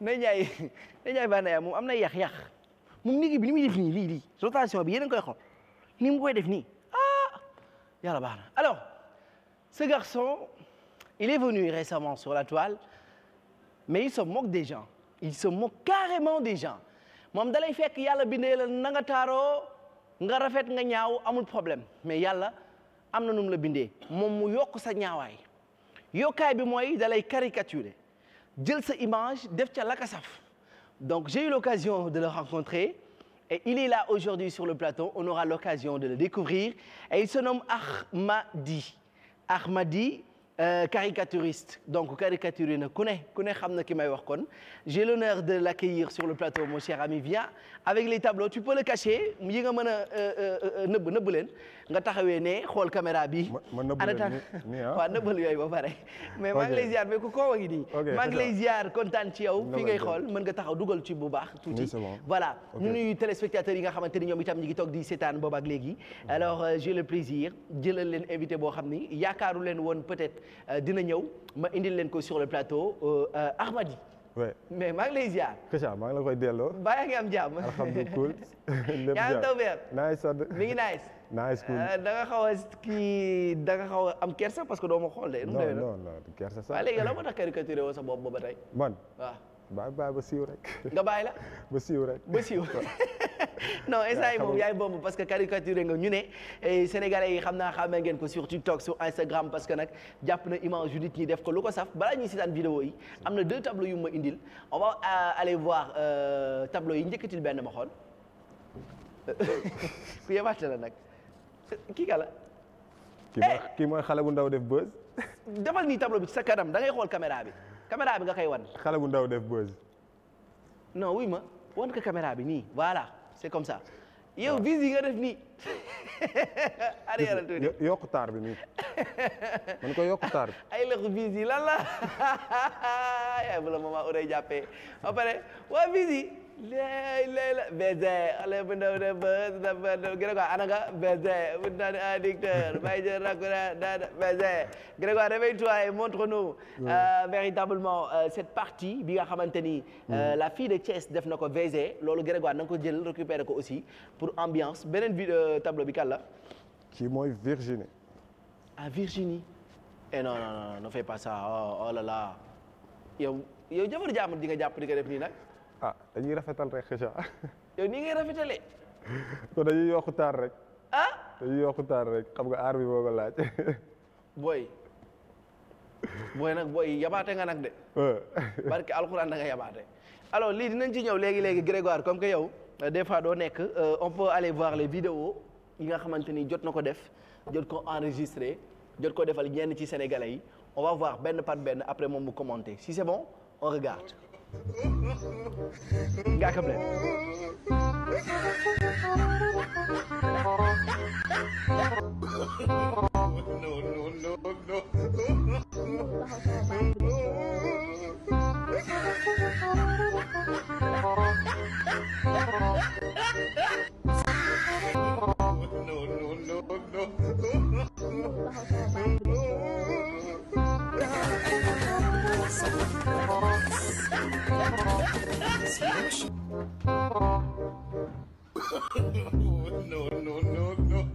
Ndeye Ndiaye Ndeye Ndiaye Banaya moom am na yàq-yàq moom liggéey bi ni muy def nii lii lii rotation bi yéen a ngi koy xool ni mu koy def nii ah yàlla baax na alors ce garçon il est venu récemment sur la toile mais il se moque des gens il se moque carrément des gens moom dalay fekk yàlla bindee la na nga taaroo nga rafet nga ñaaw amul problème mais yàlla am na nu la bindee moom mu yokk sa ñaawaay yokkaay bi mooy dalay caricaturer jël sa image def ca la ka saf donc j'ai eu l'occasion de le rencontrer et il est là aujourd'hui sur le plateau on aura l'occasion de le découvrir et il se nomme Ahmadi Ahmadi Euh, caricaturiste donc caricaturé na ku ne ku ne xam na ki may wax kon j'ai l'honneur de l'accueillir sur le plateau mon cher ami viens avec les tableaux tu peux le cacher yi nga mën a euh, euh, nëbb nëbb leen nga taxawee ne xool caméra bi anata waaw nëbbal yooyu ba pare mais maa ngi lay ziar mais ku koo wangi nii maa ngi lay ziar kontaan ci yow fi ngay xool mën nga taxaw dugal ci bu baax tuuti voilà ñu nuyu téléspectateurs yi nga xamante ni ñoom itam ñi ngi toog di seetaan boobaak léegi alors j'ai le plaisir jëlal leen invité boo xam ni yaakaaru leen woon peut-être Euh, dina ñëw ma indil leen ko sur le plateau euh, euh, Armadi oui mais maa ngi lay ziar. Kheucha maa ngi la koy delloo. baa yaa ngi am jàmm. alhamdulilah. lépp jàmm yaa ngi taw nice mi ngi nice. nice cool da nga xaw a kii da nga xaw a am kersa parce que doo xool de. non non non kersa sax waaye léegi lan moo tax caricature woo sa bopp ba ba tey. man waaw. ba ba siiw rek. nga baay la. ba siiw rek ba siiw. non instant yi moom yaay bomb parce que caricature nga ñu ne sénégalais yi xam naa xamee ngeen ko sur TikTok sur Instagram parce que nag jàpp na image yu nit def ko lu ko saf balaa ñuy seetaan vidéo yi am na deux tableaux yu ma indil on va euh, aller voir euh, tableau yi njëkkatil benn ma xool ku yebaate la nag kii ka la. Eh! mooy xale bu ndaw def buzz. defal nii tableau bi sa kanam da ngay xool caméra bi. caméra bi nga koy wan. xale bu def buzz. non wuy wan ko caméra bi nii voilà c'est comme ça. nga def nii. arrière taar bi man ko yokku taar bi. ay lëkk bis yi lan la yaay bu la maman Oudé léegi léegi la baiser xale bu ndaw de bës a ko ana nga baiser bu naan addicteur bàyyi jël rakura montre-nous euh, véritablement euh, cette partie bi nga xamante ni euh, la fille de Thiès def na ko baiser loolu gën a ko na nga ko jël ko aussi pour ambiance beneen bi tableau bi kan la kii mooy Virginie ah Virginie eh non non non ne fais pas ça oh oh là là yow yow jabar jaamur di nga jàpp di nga def nii nag ah dañuy rafetal rek xëcc yow nii ngay rafetalee. kon dañuy yokku rek. ah dañuy yokku taar rek xam nga aar bi laaj. booy. booy nag booy yabaate nga nag de. barke alxuraan da nga yabaate. alors lii dinañ ci ñëw léegi léegi Grégoire comme que yow euh, des fois doo nekk euh, on peut aller voir les vidéos yi nga xamante ni jot na ko def jot ko enregistré jot ko defal ñenn ci sénégalais yi on va voir benn par benn après moom mu commenter si c'est bon on regarde. Gak kebelet. no, no, no, no. no, no, no, no. no, no, no, no.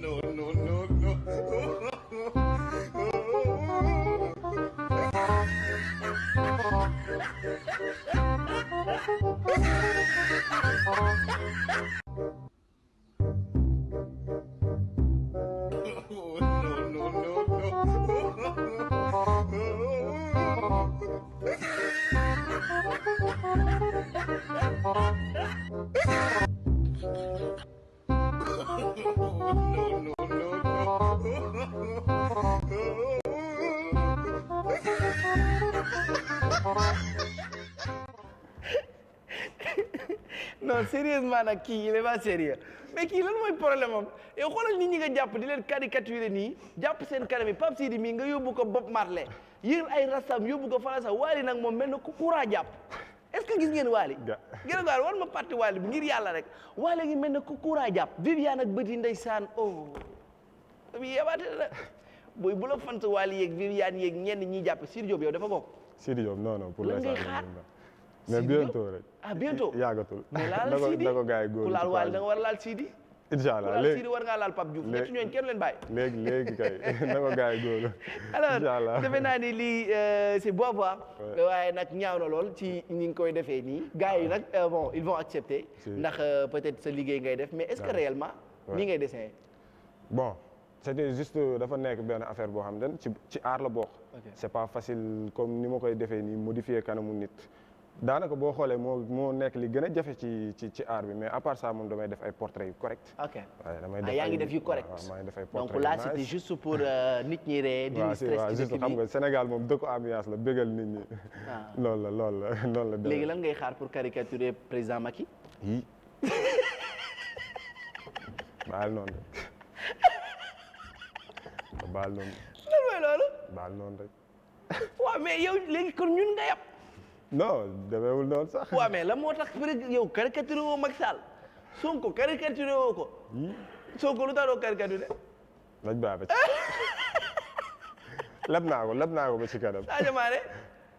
no, no, no, no. non sérieusement nag kii il est pas mais kii lan mooy problème am yow xoolal ñi nga jàpp di leen caricaturer nii jàpp seen kanam yi Pape Sidi mii nga yóbbu ko Bob Marley yël ay rastam yóbbu ko Fala sax waaye nag moom mel na ku kuraa jàpp est-ce que gis ngeen waali gërëm waali war ma parti waali bi ngir yàlla rek waale ngi mel ne ku kuraa jàpp Viviane ak bëti ndeysaan oh bi yebaate na booy bu la fant waali yeeg Viviane yeeg ñenn ñi jàpp Sidi Diop yow dafa bokk Sidi Diop non non pour lan ngay xaar ah, laal Sidi ku laal waali da war a laal Sidi incha allah léegi Siri war ngaa laal Pape Diouf ñetti ñooñu kenn leen bàyyi. léegi léegi kay na ko gars yi góorlu. defe naa ni lii euh, c'est beau à voir. waaye nag ñaaw lool ci ñi ngi koy defee nii. gars yi nag euh, bon ils vont accepter. ndax euh, peut-être sa liggéey ngay def mais est-ce que réellement. nii ngay dessiné. bon c'était juste dafa nekk ben affaire boo xam ne ci ci aar la bokk. c'est pas facile comme ni ma koy defee nii modifier kanamu nit. daanaka boo xoolee moo moo nekk li gën a jafe ci ci ci art bi mais à part ça moom damay def ay portraits yu correct. ok ah yaa ngi def yu correct damay def ay portraits donc pour euh, nit ñi ree. dindi stress ci dëkk bi xam nga Sénégal moom dëkku ambiance la bégal nit ah. loolu la loolu la loolu la. léegi lan ngay xaar pour caricaturer président Macky. yii baal noonu rek baal noonu. lan baal noonu rek. waaw mais yow léegi kon ñun nga yab. non demeewul noonu sax. waaw mais la moo tax yow caricature woo Macky Sall Sonko caricature woo ko. Hmm? Sonko lu tax doo caricature. lañ baax ba naa ko lab naa ko ba ci kanam. Sadio Mané.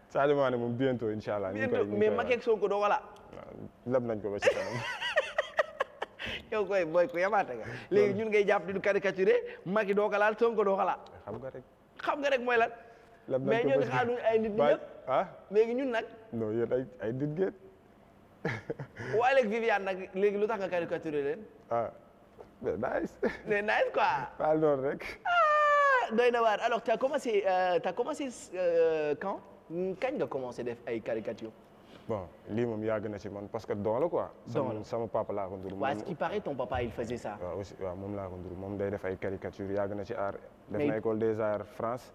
Sadio Mané moom bientôt incha allah. bientôt mais Macky lab nañ ko ba ci kanam. yow koy booy ko yamaate nga léegi ñun ngay jàpp di caricature Macky doo ko laal Sonko doo ko laal. xam nga rek. mooy lan. lab nañ ko ba ay nit ñëpp. ah léegi ñun nag. non yéen ay ay dit ngeen. waaye léegi Viviane nag léegi lu tax nga caricaturé leen. ah mais nice. mais nice quoi. waaw loolu rek. Ah, doy na waar alors t'as commencé euh, t'as commencé euh, quand kañ nga commencé def ay caricature bon lii moom yàgg na ci man parce que don la quoi. don la sama papa laa ko ndur. waaw ce qui paraît ton papa il faisait ça. waaw aussi waaw moom laa ko ndur moom day def ay caricature yàgg na ci art. def na école des arts France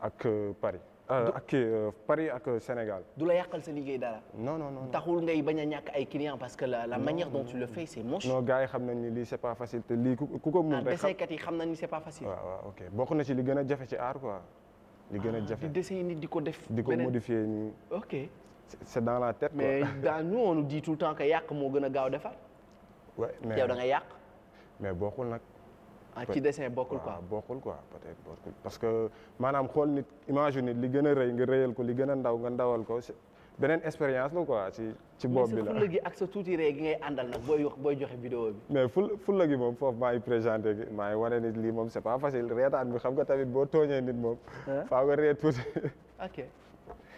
ak euh, Paris. Euh, ak kii euh, Paris ak euh, Sénégal. du la yàqal sa liggéey dara. non non non taxul ngay bañ a ñàkk ay clients parce que la la manière dont tu le fais c'est moche. non gars xam nañ ni lii c'est pas facile te lii ku ko mun. Ah, rek xam yi xam nañ ni c'est pas facile. waaw waaw ok bokk na li gën a jafe ci art quoi. li gën a ah, jafe di nit di ko def. di ko modifier nii. ok c'est la tête quoi. mais dans nous on yàq moo gën a gaaw defar. waaw mais yàq. mais bokkul nag. ah ci dessin bokkul quoi bokkul quoi peut-être parce que maanaam xool nit image nit li gën a rëy nga rëyal ko li gën a ndaw nga ndawal ko beneen expérience la quoi ci ci bi la mais ak sa tuuti ree gi ngay àndal nag booy booy joxe vidéo bi. mais ful fulla gi moom foofu maa ngi présenté maa wane nit lii moom c'est pas facile reetaan bi xam nga tamit boo tooñee nit moom. faaw nga tuuti.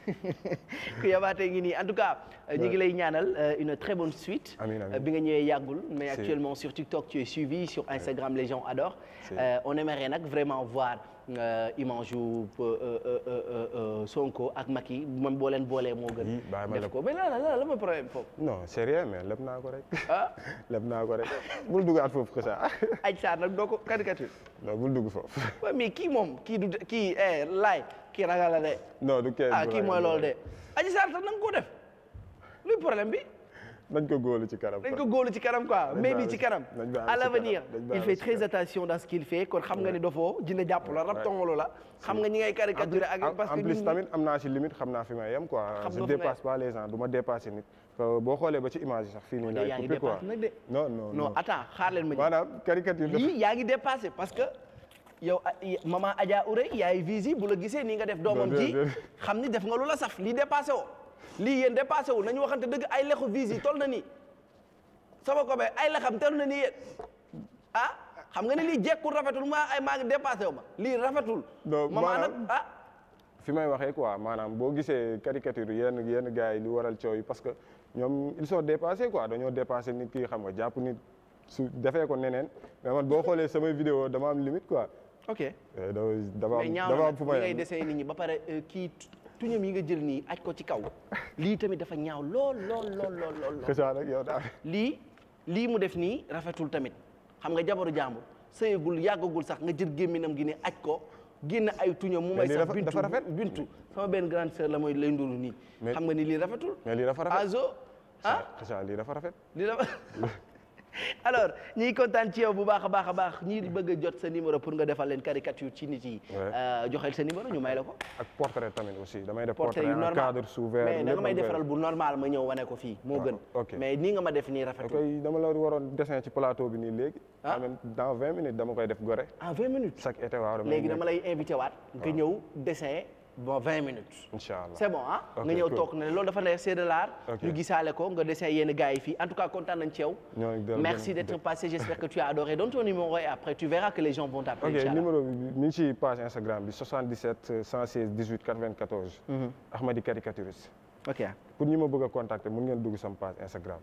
ku yabaatee ngi nii en tout cas. Euh, ñu ngi lay ñaanal euh, une très bonne suite. Euh, bi nga ñëwee yàggul. mais actuellement sur TikTok tu es suivi sur Instagram les gens adorent. Euh, on aimerait nag vraiment voir euh, image yu euh, Sonko ak Macky même boo leen boolee moo gën. def ko mais la la la ma problème foofu. non c'est mais leb naa ko rek. ah ko rek bul duggaat foofu que ça. Adji Sarr dugg foofu. mais kii moom kii du kii eh, laay. kii ragal la de. non du kii ah kii mooy ci kanam nañ ko góolu ci kanam quoi mais bi ci kanam kon xam nga ni dofoo dina jàpp la rab tongolo la xam nga ñi ngay caricature tamit am naa si xam naa fi may yem quoi je dépasse pas les ma dépassé nit boo xoolee ba ci image yi leen ma maanaam yaa ngi dépassé parce que yow ah, maman Adja Ourey yaay visi bu la gisee nii nga def doomam ji xam ni def nga lu la saf lii dépassé wo lii yéen dépassé wu nañu waxante dëgg ay lexu visi tol na ni sama ko be ay lexam tol na ni yéen ah xam nga ne lii jekkul rafetul ma ay maa ngi wu ma lii rafetul maman nag ah fi may waxee quoi maanaam boo gisee caricature yenn yenn gars yi li waral coow yi parce que ñoom ils sont dépassés quoi dañoo dépassé nit ki xam nga jàpp nit su defee ko neneen mais man boo xoolee samay vidéo dama am limite quoi ok eh, dafa am fu may ngay dessin nit ñi ba pare euh, kii tuñam yi nga jël nii aj ko ci kaw lii tamit dafa ñaaw lool lool lool lool lii lii mu def nii rafetul tamit xam nga jabaru jàmbur sëyagul yàggagul sax nga jël gémminam gi ne aj ko génn ay tuñam mu may sax bintu bintu sama benn grande sœur la mooy lay nduru nii xam nga ni lii rafetul mais lii dafa rafet azo ah lii dafa rafet lii dafa alors ñiy kontaan ci yow bu baax a baax a baax ñi bëgg jot sa numéro pour nga defal leen caricature ci nit yi. Euh, joxeel sa numéro ñu may la ko. ak portrait tamit aussi damay def. portrait yu normal cadre sous verre mais da nga may defaral bu normal ma ñëw wane ko fii moo ah, gën. mais nii nga ma def nii rafetul. ok dama la waroon dessin ci plateau bi nii léegi. ah, ah vingt minutes dama koy def gore. en ah, vingt minutes chaque été waaw léegi dama lay invité waat nga ñëw dessin. bon vingt minutes. incha allah c'est bon ah. nga ñëw toog ne loolu dafa nekk c'est de l'art. ñu gisaale ko nga dessin yenn gars fii en tout cas kontaan nañ ci yow. merci d'être passé j'espère que tu as adoré donne ton numéro après tu verras que les gens vont t'appeler. ok numéro bi mi ngi ci page Instagram bi 77 116 18 94. Ahmadi caricaturiste. pour ñi ma a contacter mën ngeen dugg sama page Instagram.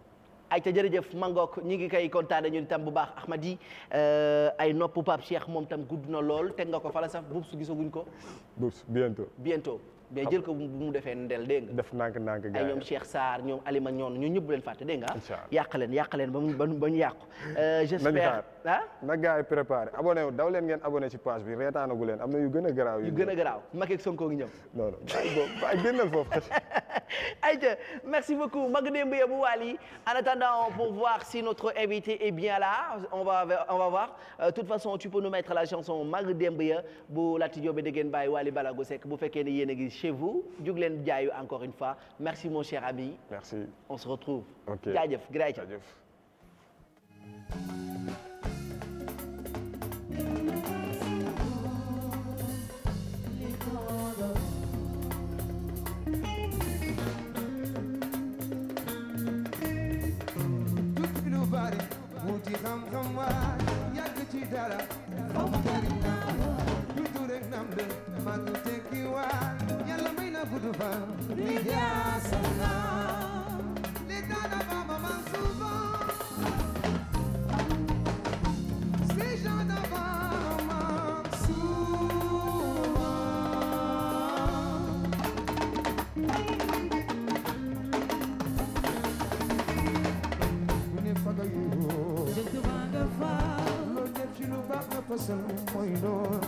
ay ca jërëjëf mangook ñi ngi koy kontaane ñu itam bu baax Ahmad yi euh, ay nopp Pape Cheikh moom itam gudd na lool teg nga ko fala saf buub su gisaguñ ko buub bientôt bientôt mais jël ko bu mu defee ndel dégg nga def nank nank ay ñoom Cheikh Sarr ñoom Alima ñoon ñu ñëpp leen fàtte dégg nga yàq leen yàq leen ba mu ba ñu yàqu euh, j'espère ah na gars yi préparé abonné wu daw ci page bi reetaanagu leen am na yu gën a garaaw yu gën a garaaw Macky ak Sonko ngi ñëw non non ay génnal foofu Aïcha merci beaucoup Maguette Dembe Wali en attendant voir si notre invité est bien là on va voir euh, de façon tu peux nous mettre la chanson Maguette Dembe bu Laty Diop da Wali Balago Seck bu fekkee ne yéen a ngi chez vous jug leen jaayu encore une fois merci mon ami. on se retrouve. ok jaajëf ci xam-xam waay yàgg ci dara faw mu jëriñ naam du du rek naam la maa ngi tekki waay yàlla may fasal mooy lool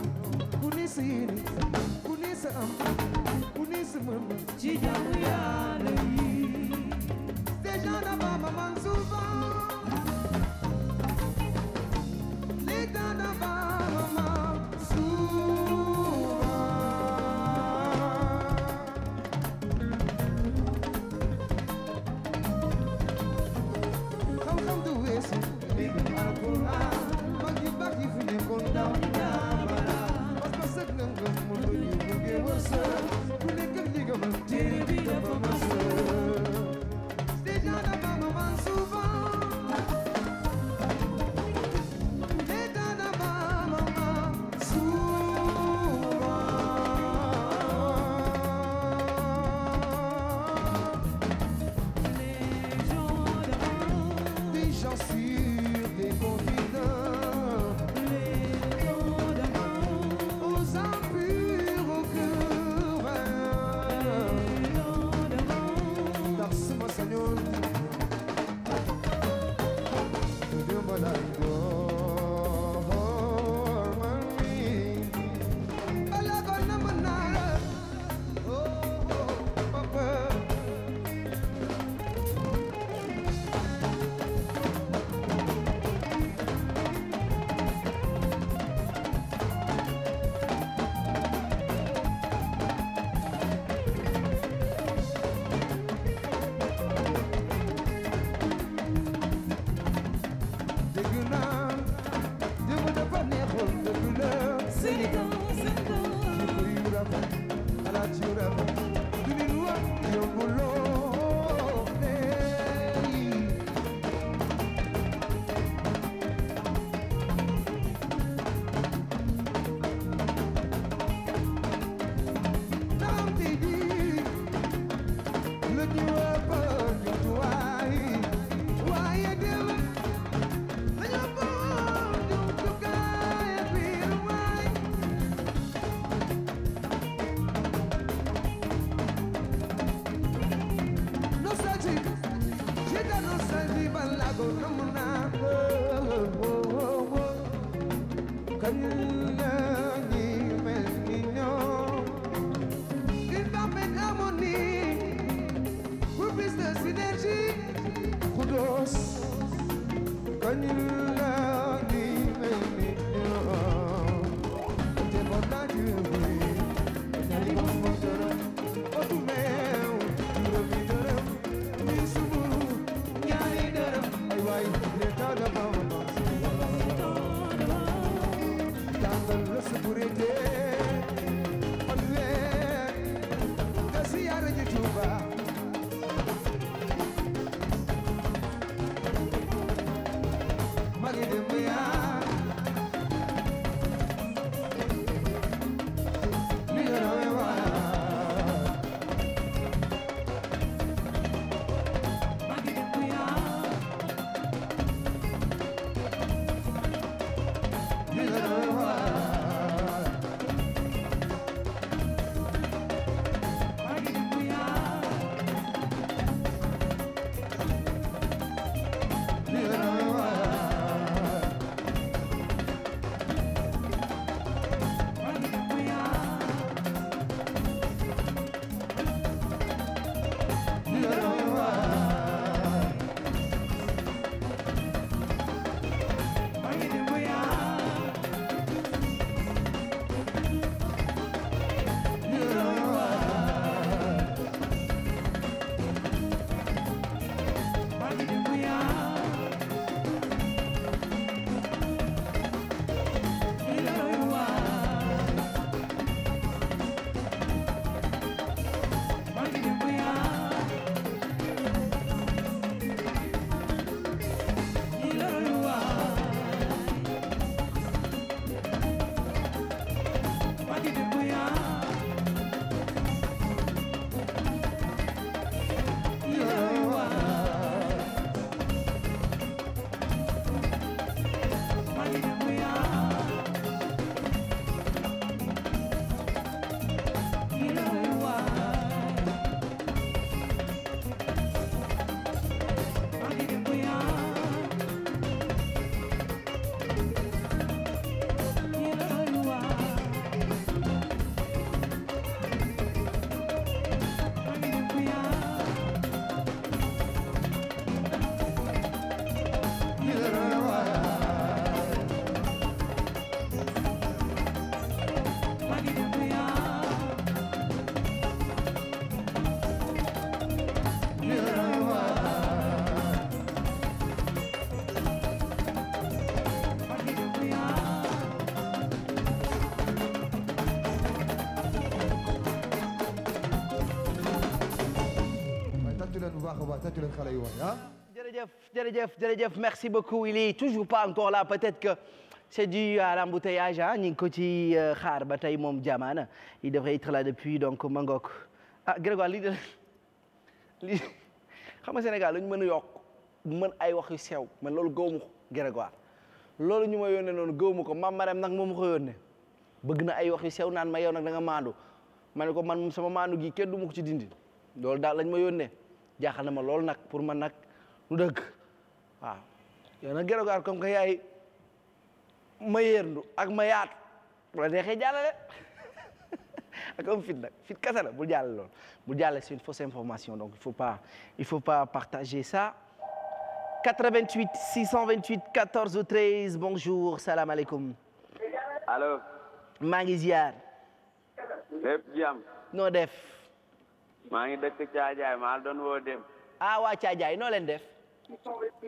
ku ne sa yéene ku ne sa am ci yi waay tàccu leen xale jërëjëf jërëjëf jërëjëf merci beaucoup il est toujours pas encore là peut-être que. c'est dû à l'embouteillage ah ñu ngi ko ci euh, xaar ba tey moom jaamaana il devrait être là depuis donc Mangok ah Grégoire lii de lii xam nga Sénégal lañu mën a yokk mën ay wax yu sew man loolu gëwuma ko Grégoire loolu ñu ma yónnee noonu gëwuma ko mam Marème nag moom ma ko yónnee bëgg na ay wax yu sew naan ma yow nag da nga maandu ma ne ko man sama maandu gi kenn du ma ko ci dindi loolu daal lañ ma yónnee. jaaxal na ma lool nag pour man nag lu dëgg waaw yow nag Gero Gare comme que yaay ma yéerndu ak ma yaatu bu la neexee jàllale ak am fit nag fit kese la bul jàllale lool bul jàllale c'est une fausse information donc il faut pas il faut pas partager ça 88 628 14 13 bonjour salaamaaleykum allo maa ngi ziar lépp jàmm noo def maa ngi dëkk Caajaay maa doon woo dem. ah waa Caajaay noo leen def.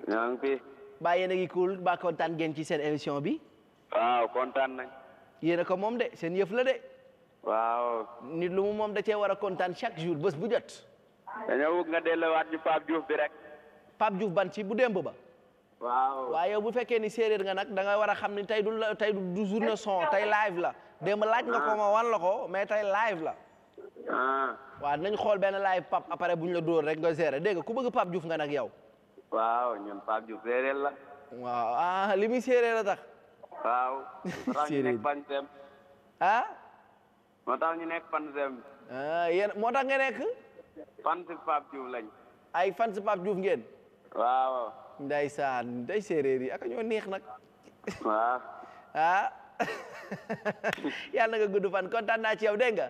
ñoo ngi fi. ba yéen a ngi ba kontaan ngeen ci seen émission bi. waaw kontaan nañ. yéen a ko moom de seen yëf la de. waaw. lu mu moom da cee war a kontaan chaque jour bës bu jot. dañoo bëgg nga delluwaat ñu Pape Diouf bi rek. Pape Diouf ban ci bu demb ba. waaye bu fekkee ni séeréer nga nag da nga war a xam ni tey du la tey du journée tey live la démb laaj nga ko ma wan la ko mais tey live la. Ah. waaw nañ xool benn laay pap après bu ñu la dóor rek nga gérer dégg nga ku bëgg Pape Diouf nga nag yow. waaw ñun Pape Diouf séeréer la. waaw ah li muy séeréer waaw. moo tax ñu nekk Pansem. ah. moo tax ñu nekk Pansem. ah yéen moo tax nga nekk. fan si Pape Diouf lañ. ay fan si Pape Diouf ngeen. waaw. ndeysaan day séeréer yi ak ñoo neex nag. waaw. ah. yàlla nga gudd fan kontaan naa ci yow dégg nga.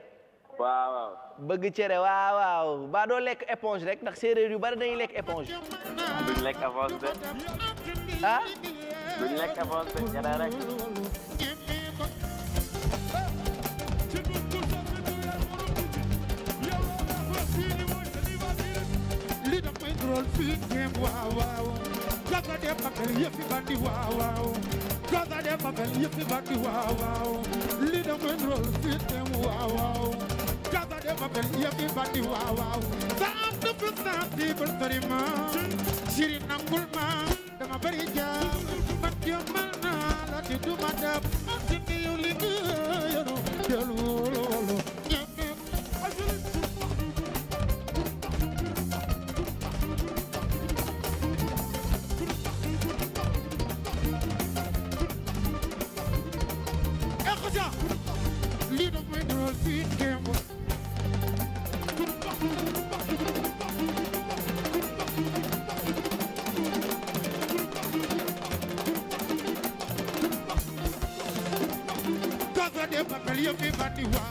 waaw waaw waaw waaw ba doo lekk éponge rek ndax séeréer yu bari dañuy lekk éponge. duñ éponge ah? waaw waaw Gather them up and everybody wow wow Thousand percent people very much Shiri nangul ma Dama bari jam But your man na Lati du madam Sini yu liggéey everybody wants.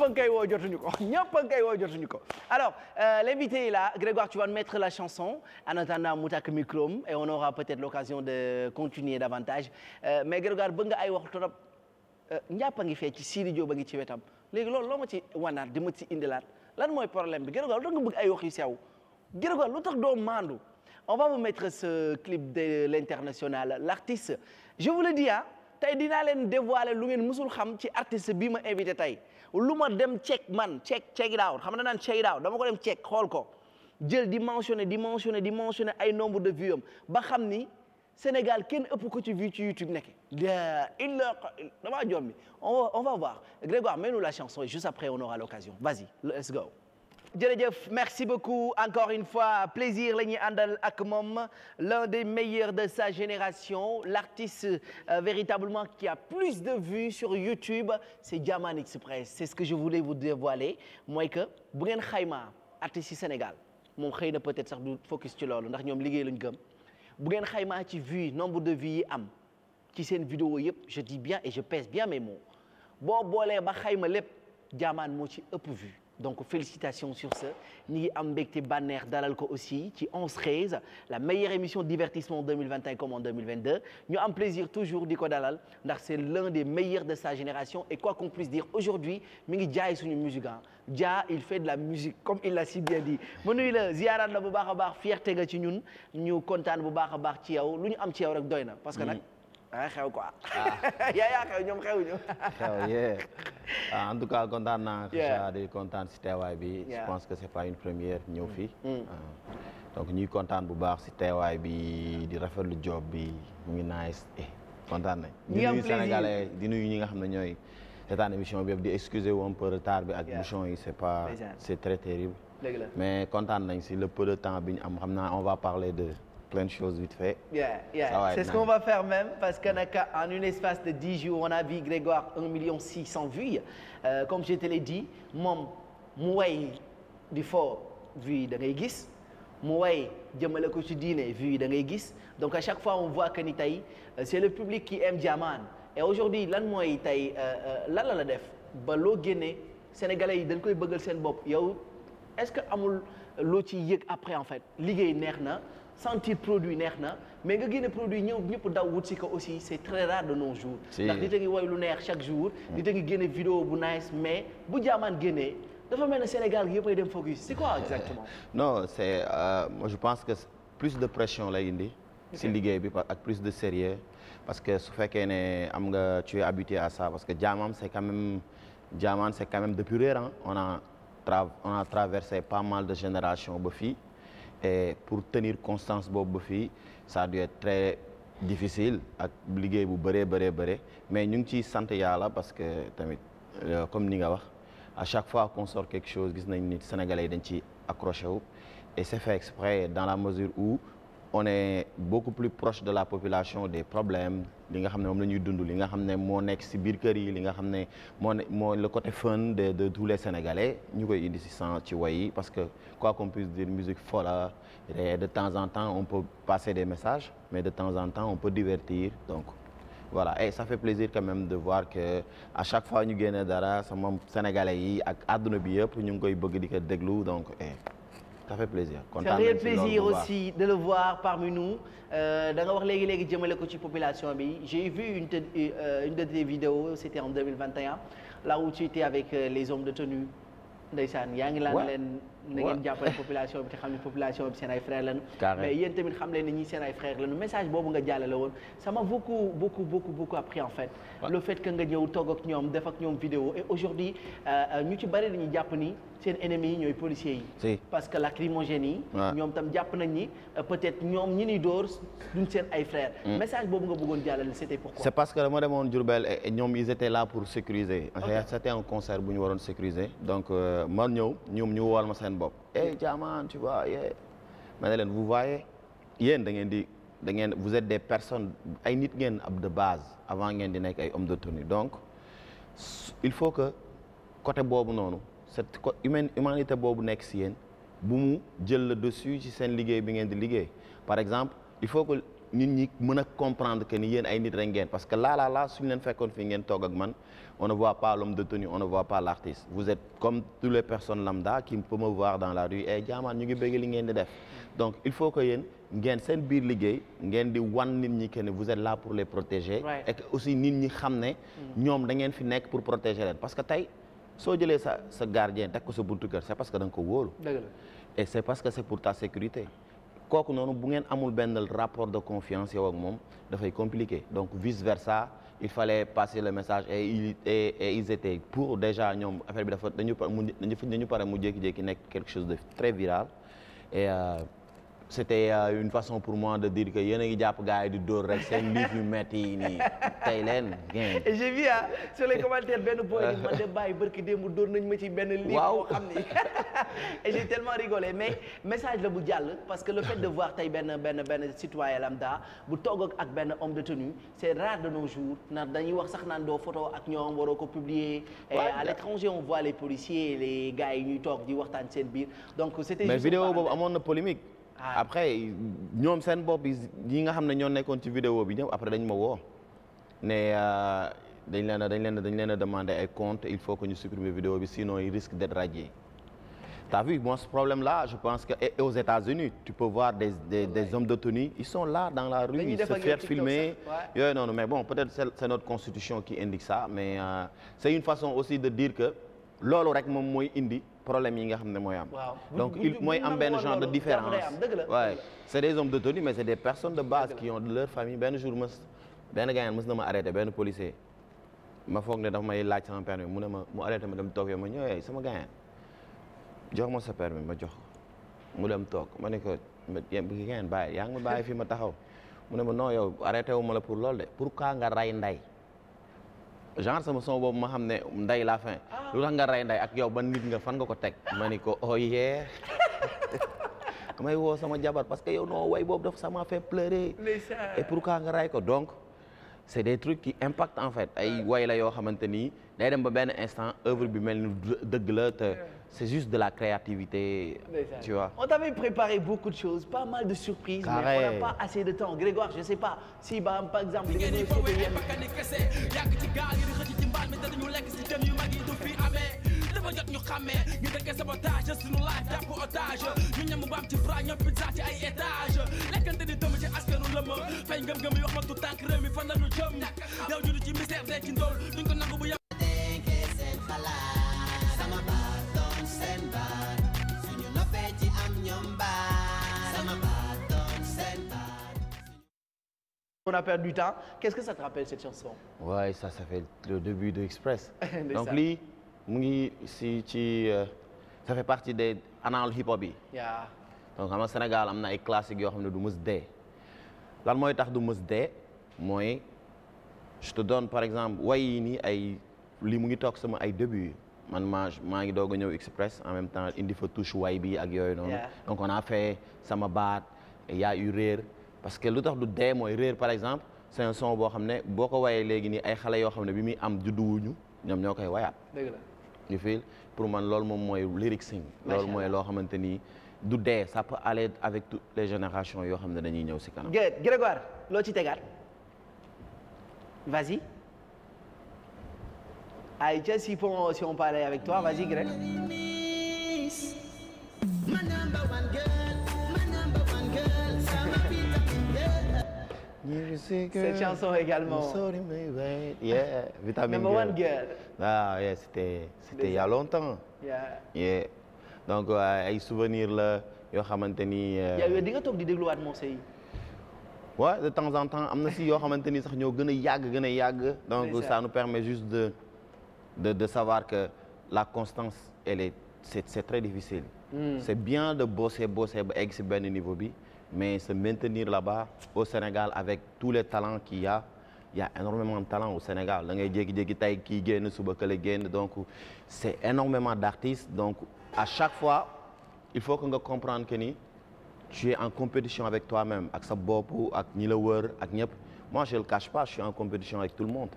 ñëpp a ngi koy woo jotuñu ko ñëpp a ngi koy woo jotuñu ko alors euh, l'invité est là Grégoire tu vas mettre la chanson en attendant mu tàkk micro am et on l'occasion de continuer davantage euh, mais Grégoire bëgg nga ay wax trop ñàpp euh, a ngi fee ci siri Diop a ngi ci wetam léegi lool loo ma ci wanaat di ma ci indilaat lan mooy problème bi Grégoire lu tax nga bëgg ay wax yu sew Grégoire lu tax doom maandu on va vous mettre ce clip de l'international l'artiste je vous le dis ah, dinaa leen dévoiler lu ngeen mësul xam ci artiste bi ma invité tey lu ma dem check man check check out xam na naan check it out dama ko dem check xool ko jël di di dimensionné di dimensionné ay nombre de vues am ba xam ni Sénégal kenn ëpp ko ci vue ci YouTube nekk illa damaa jom bi on va on va voir Grégoire mets-nous la chanson et après on aura l'occasion vas jërëjëf merci beaucoup encore une fois plaisir la ñuy àndal ak moom l'un des meilleurs de sa génération l'artiste euh, véritablement qui a plus de vues sur YouTube c'est Jaman Express c'est ce que je voulais vous dévoiler mooy que bu ngeen xayma artiste yi Sénégal moom xëy na peut-être sax du focus ci loolu ndax ñoom liggéey lañ gëm bu ngeen xaymaa ci vues nombre de vues yi am ci seen vidéo yëpp je dis bien et je pèse bien mes mots boo boolee ba xayma lépp Jaman moo ci ëpp vue donc félicitations sur ce ñi ngi am mbégte bànneex dalal ko aussi ci 11 13 la meilleure émission de divertissement en 2021 comme en 2022 ñu am plaisir toujours di ko dalal ndax c'est l'un des meilleurs de sa génération et quoi qu'on puisse dire aujourd'hui mi ngi jaay suñu musique ah Dia il fait de la musique comme il l'a si bien dit mu nuyu la la bu baax a baax fierté nga ci ñun ñu kontaan bu baax a baax ci yow lu ñu am ci yow rek doy na parce que nag mm. ah xew quoi. en tout cas kontaan naa. xacha di kontaan si teewaay bi. je pense que c'est ñëw fii. donc ñuy kontaan bu baax si teewaay bi di rafetlu job bi mu ngi nice kontaan nañ. di nuyu sénégalais di ñi nga xam ne ñooy seetaan émission bi di excuser wu un peu retard bi ak émission yi c'est pas c'est très terrible. mais kontaan nañ si le peu de temps bi ñu am xam naa on va parler de. plein de choses vite fait. Yeah, yeah. C'est ce qu'on va faire même parce qu'en un espace de jours, on a vu Grégoire 1 million 600 vues. Euh, comme je te l'ai dit, moom mu way di fo vues yi da ngay gis mu way jëmale ko ci diine vues yi da ngay gis donc à chaque fois on voit que ni tey euh, c'est le public qui aime Diamane et aujourd'hui lan mooy tey euh, euh, lan la la def ba loo génnee Sénégalais yi dañ koy bëggal seen bopp yow est-ce que amul loo ci yëg après en fait liggéey neex na sentir produit neex na mais nga génne produit ñëw ñëpp daw wut si ko aussi c'est très rare de nos jours ndax nit a lu neex chaque jour hmm. nit a ngi génne vidéo bu nice mais bu jaamaan génnee dafa mel ne Sénégal gi yëpp ay dem focus c'est quoi exactement non c'est euh, je pense que plus de pression lay indi si liggéey bi ak plus de sérieux parce que su fekkee ne am nga tu es habitué à sa parce que jaamam c'est quand même jaamaan c'est quand même depuis réer on a tra on a traversé pas mal de génération ba fii et pour tenir constance boobu ba fii ça a dû difficile ak liggéey bu bëree bëree bëree mais ñu ngi ciy sant yàlla parce que tamit euh, comme ni nga wax à chaque fois qu'on quelque chose gis nañ ni Sénégalais yi dañ ci accroché wu c'est fait exprès dans la mesure où on est beaucoup plus proche de la population des problèmes li nga xam ne moom la ñuy dund li nga xam ne moo nekk si biir kër yi li nga xam ne moo moo le côté fun de de tous les ñu koy indi ci sens ci way yi parce que quoi qu'on puisse dire musique fola de temps en temps on peut passer des messages mais de temps en temps on peut divertir donc voilà et ça fait plaisir même de voir que à chaque fois ñu génne dara sama sénégalais yi ak àdduna bi yëpp ñu ngi koy bëgg di ko déglu donc. ça fait plaisir kontaan nañ si plaisir aussi de le voir parmi nous euh, da wax léegi léegi jëmale ko ci population bi j'ai vu une de euh, une de tes c'était en 2021 là avec euh, les hommes de tenue ndeysaan yaa ngi laan leen na ngeen jàppale population bi te xam ne population bi seen ay frères lañu mais yéen tamit xam leen ne ñi seen ay frères lañu message boobu nga jàllale woon ça beaucoup beaucoup beaucoup en fait le fait que nga ñëw togg ak ñoom def ak vidéo et aujourd'hui ñu ci bari dañuy jàpp ni seen ennemis yi ñooy policiers yi. parce que lacrymogène yi. ñoom tam jàpp nañ ni euh, peut-être ñoom ñi ni dóor duñ seen ay frères. Mm. message boobu nga bëggoon jàllale c'était pourquoi. c'est parce que dama demoon Diourbel et ñoom ils étaient là pour sécuriser. ok c'était bu ñu waroon sécuriser. donc euh, man ñëw ñoom ñu wowal ma seen bopp. eh jaamaan mm. tu vois ma ne leen vous voyez yéen da ngeen di da ngeen vous êtes des personnes ay nit ngeen ab de base avant ngeen di nekk ay hommes de donc il faut que côté boobu noonu. cette humaine humanité boobu nekk si yéen bu mu jël le dessus ci seen liggéey bi ngeen di liggéey par exemple il faut que nit ñi mën a comprendre que ni yéen ay nit rek ngeen parce que là là là suñu leen fekkoon fii ngeen toog ak man on ne voit pas l'homme de tenue on ne voit pas la rue et eh, jaamaan ñu ngi bëgg ngeen di def donc il faut que yéen ngeen seen biir liggéey ngeen di wan nit ñi que vous êtes là pour les protéger et aussi nit ñi xam ne mm. ñoom da soo jëlee sa sa gardien teg ko sa buntu kër c'est parce que da nga ko wóolu et c'est parce que c'est pour ta sécurité kooku noonu bu ngeen amul benn rapport de confiance yow moom dafay compliqué donc vice versa il fallait passer le message et il et ils étaient pour déjà ñoom affaire bi dafa dañu dañu pare mu jékki-jékki nekk quelque chose de très viral euh, c'était euh, une façon pour moi de dire que yéen a ngi jàpp gars yi dóor rek seen liif yu metti yi nii tey leen. j'ai vu ah les commentaires benn boy ni man de bàyyi barki démb dóor nañ ma ci benn. liif boo xam ni et j'ai tellement rigolé mais message la bu jàll parce que le fait de voir tey benn benn benn citoyen lambda bu toog ak benn homme de tenue c'est rare de nos jours ndax dañuy wax sax naan doo photo ak ñoom waroo ko publier. à l'étranger on voit les policiers les gars yi ñuy toog di waxtaan seen biir donc c'était. mais vidéo amoon na polémique. après ñoom seen bopp yi nga xam ne ñoo nekkoon ci vidéo bi ñëw après dañ ma woo ne euh, dañ leen a dañ leen dañ leen a demandé ay compte il faut que ñu supprimer vidéo bi sinon il risque d'être radié t'as vu moi ce problème là je pense que et aux États-Unis tu peux voir des hommes de tenue ils sont là dans la rue ils se faire filmer yooyu ouais. noonu mais bon peut-être c'est notre constitution qui indique ça mais euh, c'est une façon aussi de dire que loolu rek moom mooy indi problème yi nga xam ne mooy am. donc il mooy am benn genre de différence waaye c'est des hommes de tenue mais c'est des personnes de base qui ont de leur famille benn jour mës benn gaañaan mës na ma arrêté benn policier ma foog ne daf may laaj sama permis mu ne ma mu arrêté ma dem toog yow ma ñëwee sama gaañaan jox ma sa permis ma jox mu dem toog ma ne ko gaañaan bàyyi yaa ngi ma bàyyi fii ma taxaw mu ne ma non yow wu ma la pour loolu de pourquoi nga ray nday genre sama son boobu ma xam ne nday laa fin ah. lu tax nga ray nday ak yow ban nit nga fan nga ko teg ma ni ko oyee oh may woo sama jabar parce que yow noo way boobu daf sama fait pleurer et pourquoi nga ray ko donc c'est des trucs qui impactent en fait ay ah. way la yoo xamante nii day dem ba benn instant œuvre bi mel ni dëgg la c'est juste de la créativité. tu vois on t'avait préparé beaucoup de choses pas mal de surprises. Carré. mais on n'a pas assez de temps Grégoire je sais pas si ba par exemple. dafa jot ñu xàmmee ñu dëkkee sabotage suñu laaj jàpp otage ñu ñam baam ci fra ñoom pizza ci ay étage lekkante ni doomu ci askanu lëma fay ngëm-ngëm yi wax ma tu tànk réew mi fan la ñu jëm yow ñu ci mystère de ci ndóol duñ ko nangu bu yàgg qu'on a du temps que ça te rappelle cette chanson. waaye ouais, ça ça fait le début de Express. donc lii mu ngi si ci euh, ça fait partie de annales hip hop yi. Yeah. donc xam Sénégal am na ay classiques yoo xam ne du mës de lan mooy tax du mës dee mooy je te done par exemple way yi nii ay lii mu ngi toog sama ay début man maa maa ngi doog a ñëw Express en même temps indi fa touche way bi ak yooyu noonu. donc on a fait sama baat y a parce que lu tax du dee mooy réer par exemple c'est un boo xam ne boo ko wayee léegi nii ay xale yoo xam ne bi muy am judduwuñu ñoom ñoo koy wayaat. dëgg la ñu fii pour man loolu moom mooy lyric sing loolu mooy loo xamante ni du dee ça peut aller avec toutes les générations yoo xam ne dañuy ñëw si kanam. Grégoire loo ci tegaat vas-y. Aïcha si on si on Cette chanson également. Yeah, Vitamine Number One Girl. Ah, yeah, c'était c'était il y a euh, ay souvenir la yoo xamante ni. Euh, yow di nga toog di dégluwaat Monsey yi. waaw de temps en temps am na si yoo xamante ni sax ñoo gën a yàgg gën a yàgg. donc ça nous permet juste de de de savoir que la constance elle est c'est c'est très difficile. Mm. c'est bien de bosser bosser ba egg si benn niveau bi. mais se maintenir là-bas au Sénégal avec tous les talents qu'il y a y a énormément de talent au Sénégal da ngay jékki-jékki tey kii génn suba kële génn donc c'est énormément d'artistes donc à chaque fois il faut que nga comprendre que ni tu en compétition avec toi-même ak sa bopp ak ñi la wër ak ñëpp moi je le cache pas je en compétition avec tout le monde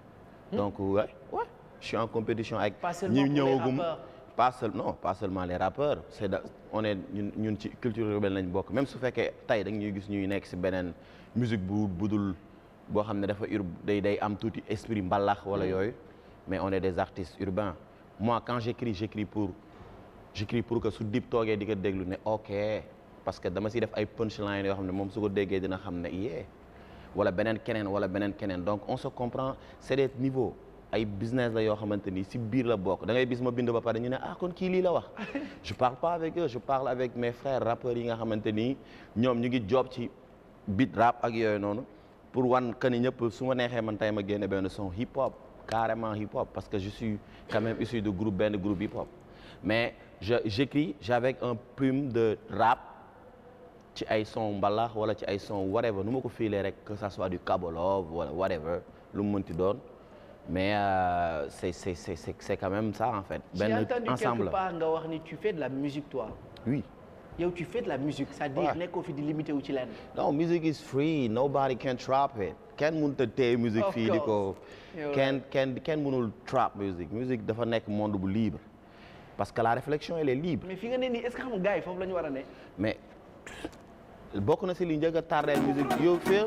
hmm. donc ouais ouais je en compétition avec ñi ñëwagum pas seulement non pas seulement les rappeurs c'est da on ñun ci culture urbaine lañ bokk même su fekkee tey dañ ñuy gis ñuy nekk si beneen musique bu budul boo xam ne dafa ur day day am tuuti esprit mbalax wala mm. yooyu mais on est des artistes urbains moi quand j'écris j'écris pour j'écris pour que su dib toogee di ko déglu ne ok parce que dama si def ay punchline yoo xam ne moom su ko déggee dina xam ne yee wala beneen keneen wala beneen keneen donc on se comprend c'est des niveau ay business la yoo xamante ni si biir la bokk dangay ngay bis ma bind ba pare ñu ne ah kon kii lii la wax je parle pa avec eux je parle avec mes frères rappeurs yi nga xamante ni ñoom ñu ngi job ci beat rap ak yooyu noonu pour wan que ni ñëpp su ma neexee man ma génne benn son hip hop carrément hip hop parce que je suis quand même issu de groupe benn groupe hip hop mais je j'écris j'avais un plume de rap ci ay son mbalax wala ci ay son whatever nu ma ko fiilee rek que du kabolov wala whatever lu mu mënti doon mais euh, c'est c'est c'est c'est quand même ça en fait. benn ensemble quelque part nga wax ni tu fais de la musique toi. oui. yow tu fais de la musique. cest à nekkoo fi di wu ci lenn. non music is free nobody can trap it. kenn mun a téye musique fii di ko. kenn kenn kenn mënul trap musique musique dafa nekk monde bu libre. parce que la réflexion elle est libre. mais fi nga ne nii est-ce que xam nga gars yi foofu bokk na si li njëkk a tardeel musique yow fii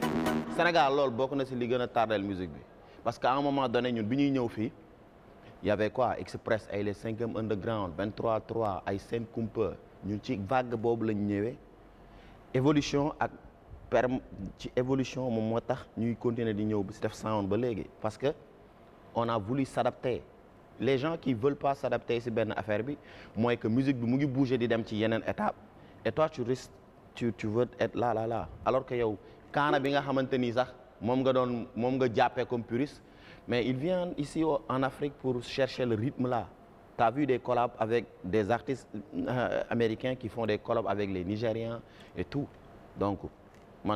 Sénégal loolu bokk na si li gën a tardeel musique bi. parce que un moment donné ñun bi ñuy ñëw fii y avait quoi Express ay les cinquième underground 23 3 ay cinq Kumpa ñun ci vague boobu lañ ñëwee évolution ak perm ci évolution moom moo tax ñuy continuer di ñëw bi si def sound ba léegi parce que on a voulu s'adapter les gens qui veulent pas s'adapter si benn affaire bi mooy que musique bi mu ngi bouger di dem ci yeneen étape et toi tu risques tu tu là là là alors que yow kaana bi nga xamante moom nga doon moom nga jàppee comme puriste mais il vient ici en Afrique pour chercher le rythme là tu as vu des collabs avec des artistes euh, américains qui font des collabs avec les Nigériens et tout donc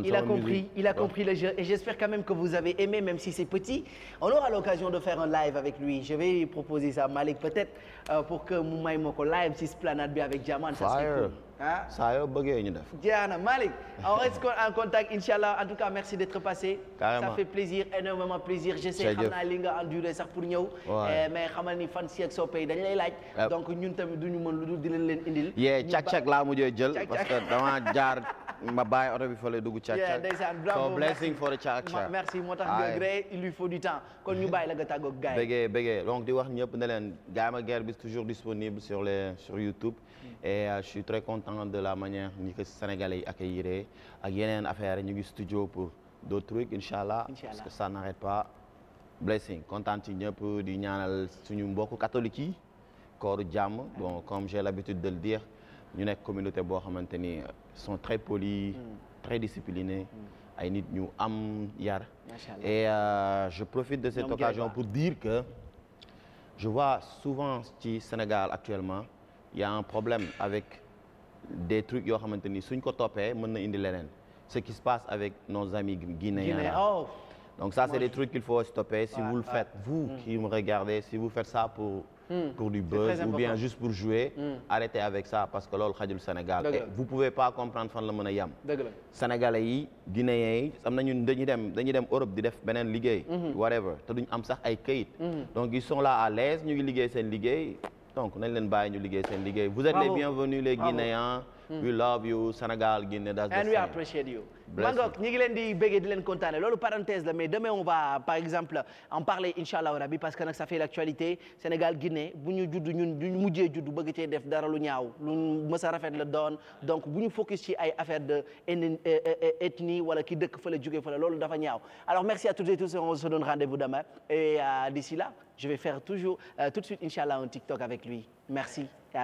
il a compris le jeu et j'espère quand même que vous avez aimé même si c'est petit on aura l'occasion de faire avec lui je vais proposer ça Malik peut-être euh, pour que mu may ma ko live si esplanade bi avec Jaman ça serait ah saa yoo bëggee ñu def. jeex na Malick on reste en contact incha allah en tout cas merci d'être passé. carrément fait plaisir énormément plaisir. je sais xam naa li nga sax pour ñëw. Eh, mais xamal fan si ak soppe yi dañ lay laaj. donc ñun tamit du ñu mën lu dul di leen leen indil. yee càq càq laa mujjee jël. parce que dama jaar ma bàyyi oto bi fa lay dugg càq càq. ndeysaan a càq càq. merci moo tax degré il lui faut du temps kon ñu bàyyi la nga tàggoog gars donc di wax ñëpp ne leen Gama Gueye bis toujours disponible sur et euh, je suis content de la manière ni que Sénégalais yi accueillir ak yeneen affaires ñu ngi studio pour d'autres trucs incha allah. parce que ça n'arrête pas. blessing kontaan ci ñëpp di suñu mbokku catholique yi kooru jàmm bon comme j'ai l'habitude de le dire ñu nekk communauté boo xamante ni sont très polis mm. très disciplinés mm. ay nit ñu am yar et euh, je profite de cette occasion pour dire que je vois souvent ci Sénégal actuellement y a un problème avec des trucs yoo xamante ni suñ ko toppee mën na indi leneen ce qui se passe avec nos amis guinéens Guinée, oh. donc ça c'est des trucs qu'il faut stopper si ah, vous le faites ah, vous mm. qui me regardez si vous faites ça pour mm. pour du buzz ou bien juste pour jouer mm. arrêtez avec ça parce que loolu xajul Sénégal et vous pouvez pas comprendre fan la mën a yem Sénégalais yi guinéens yi am na ñun dañuy dem dañuy dem Europe di def beneen liggéey mm-hmm. whatever te duñ am sax ay këyit mm-hmm. donc ils sont là à l'aise ñu ngi liggéey seen liggéey donc nañ leen bàyyi ñu liggéey seen liggéey vous êtes les bienvenus les Guinéens we love you Sénégal Guinée that's the same and we appreciate you. Mangok ñi ngi leen di béggee di leen kontaane loolu parenthèse la mais demain on va par exemple en parler incha allah rabi parce que nag ça fait l'actualité Sénégal Guinée bu ñu judd ñun duñ mujjee bëgg cee def dara lu ñaaw lu mës a rafet la doon donc bu ñu focus ci ay affaire de euh, ethnie wala ki dëkk fële jóge fële loolu dafa ñaaw alors merci à toutes et on se donne rendez-vous demain et euh, d'ici là je vais faire toujours euh, tout de suite incha allah un TikTok avec lui merci et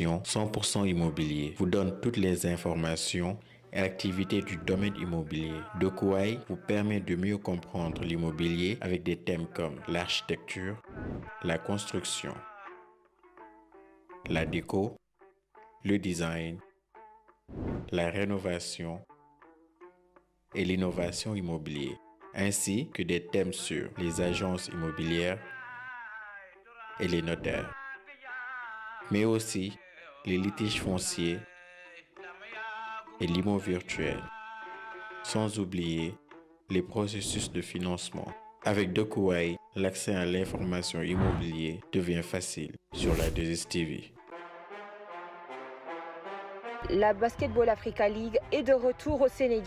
émission 100% immobilier vous donne toutes les informations et activités du domaine immobilier. Dokuai vous permet de mieux comprendre l'immobilier avec des thèmes comme l'architecture, la construction, la déco, le design, la rénovation et l'innovation immobilière, ainsi que des thèmes sur les agences immobilières et les notaires, mais aussi les litiges fonciers et l'immo virtuel, sans oublier les processus de financement. Avec DocuWay, l'accès à l'information immobilière devient facile sur la des stv La Basketball Africa League est de retour au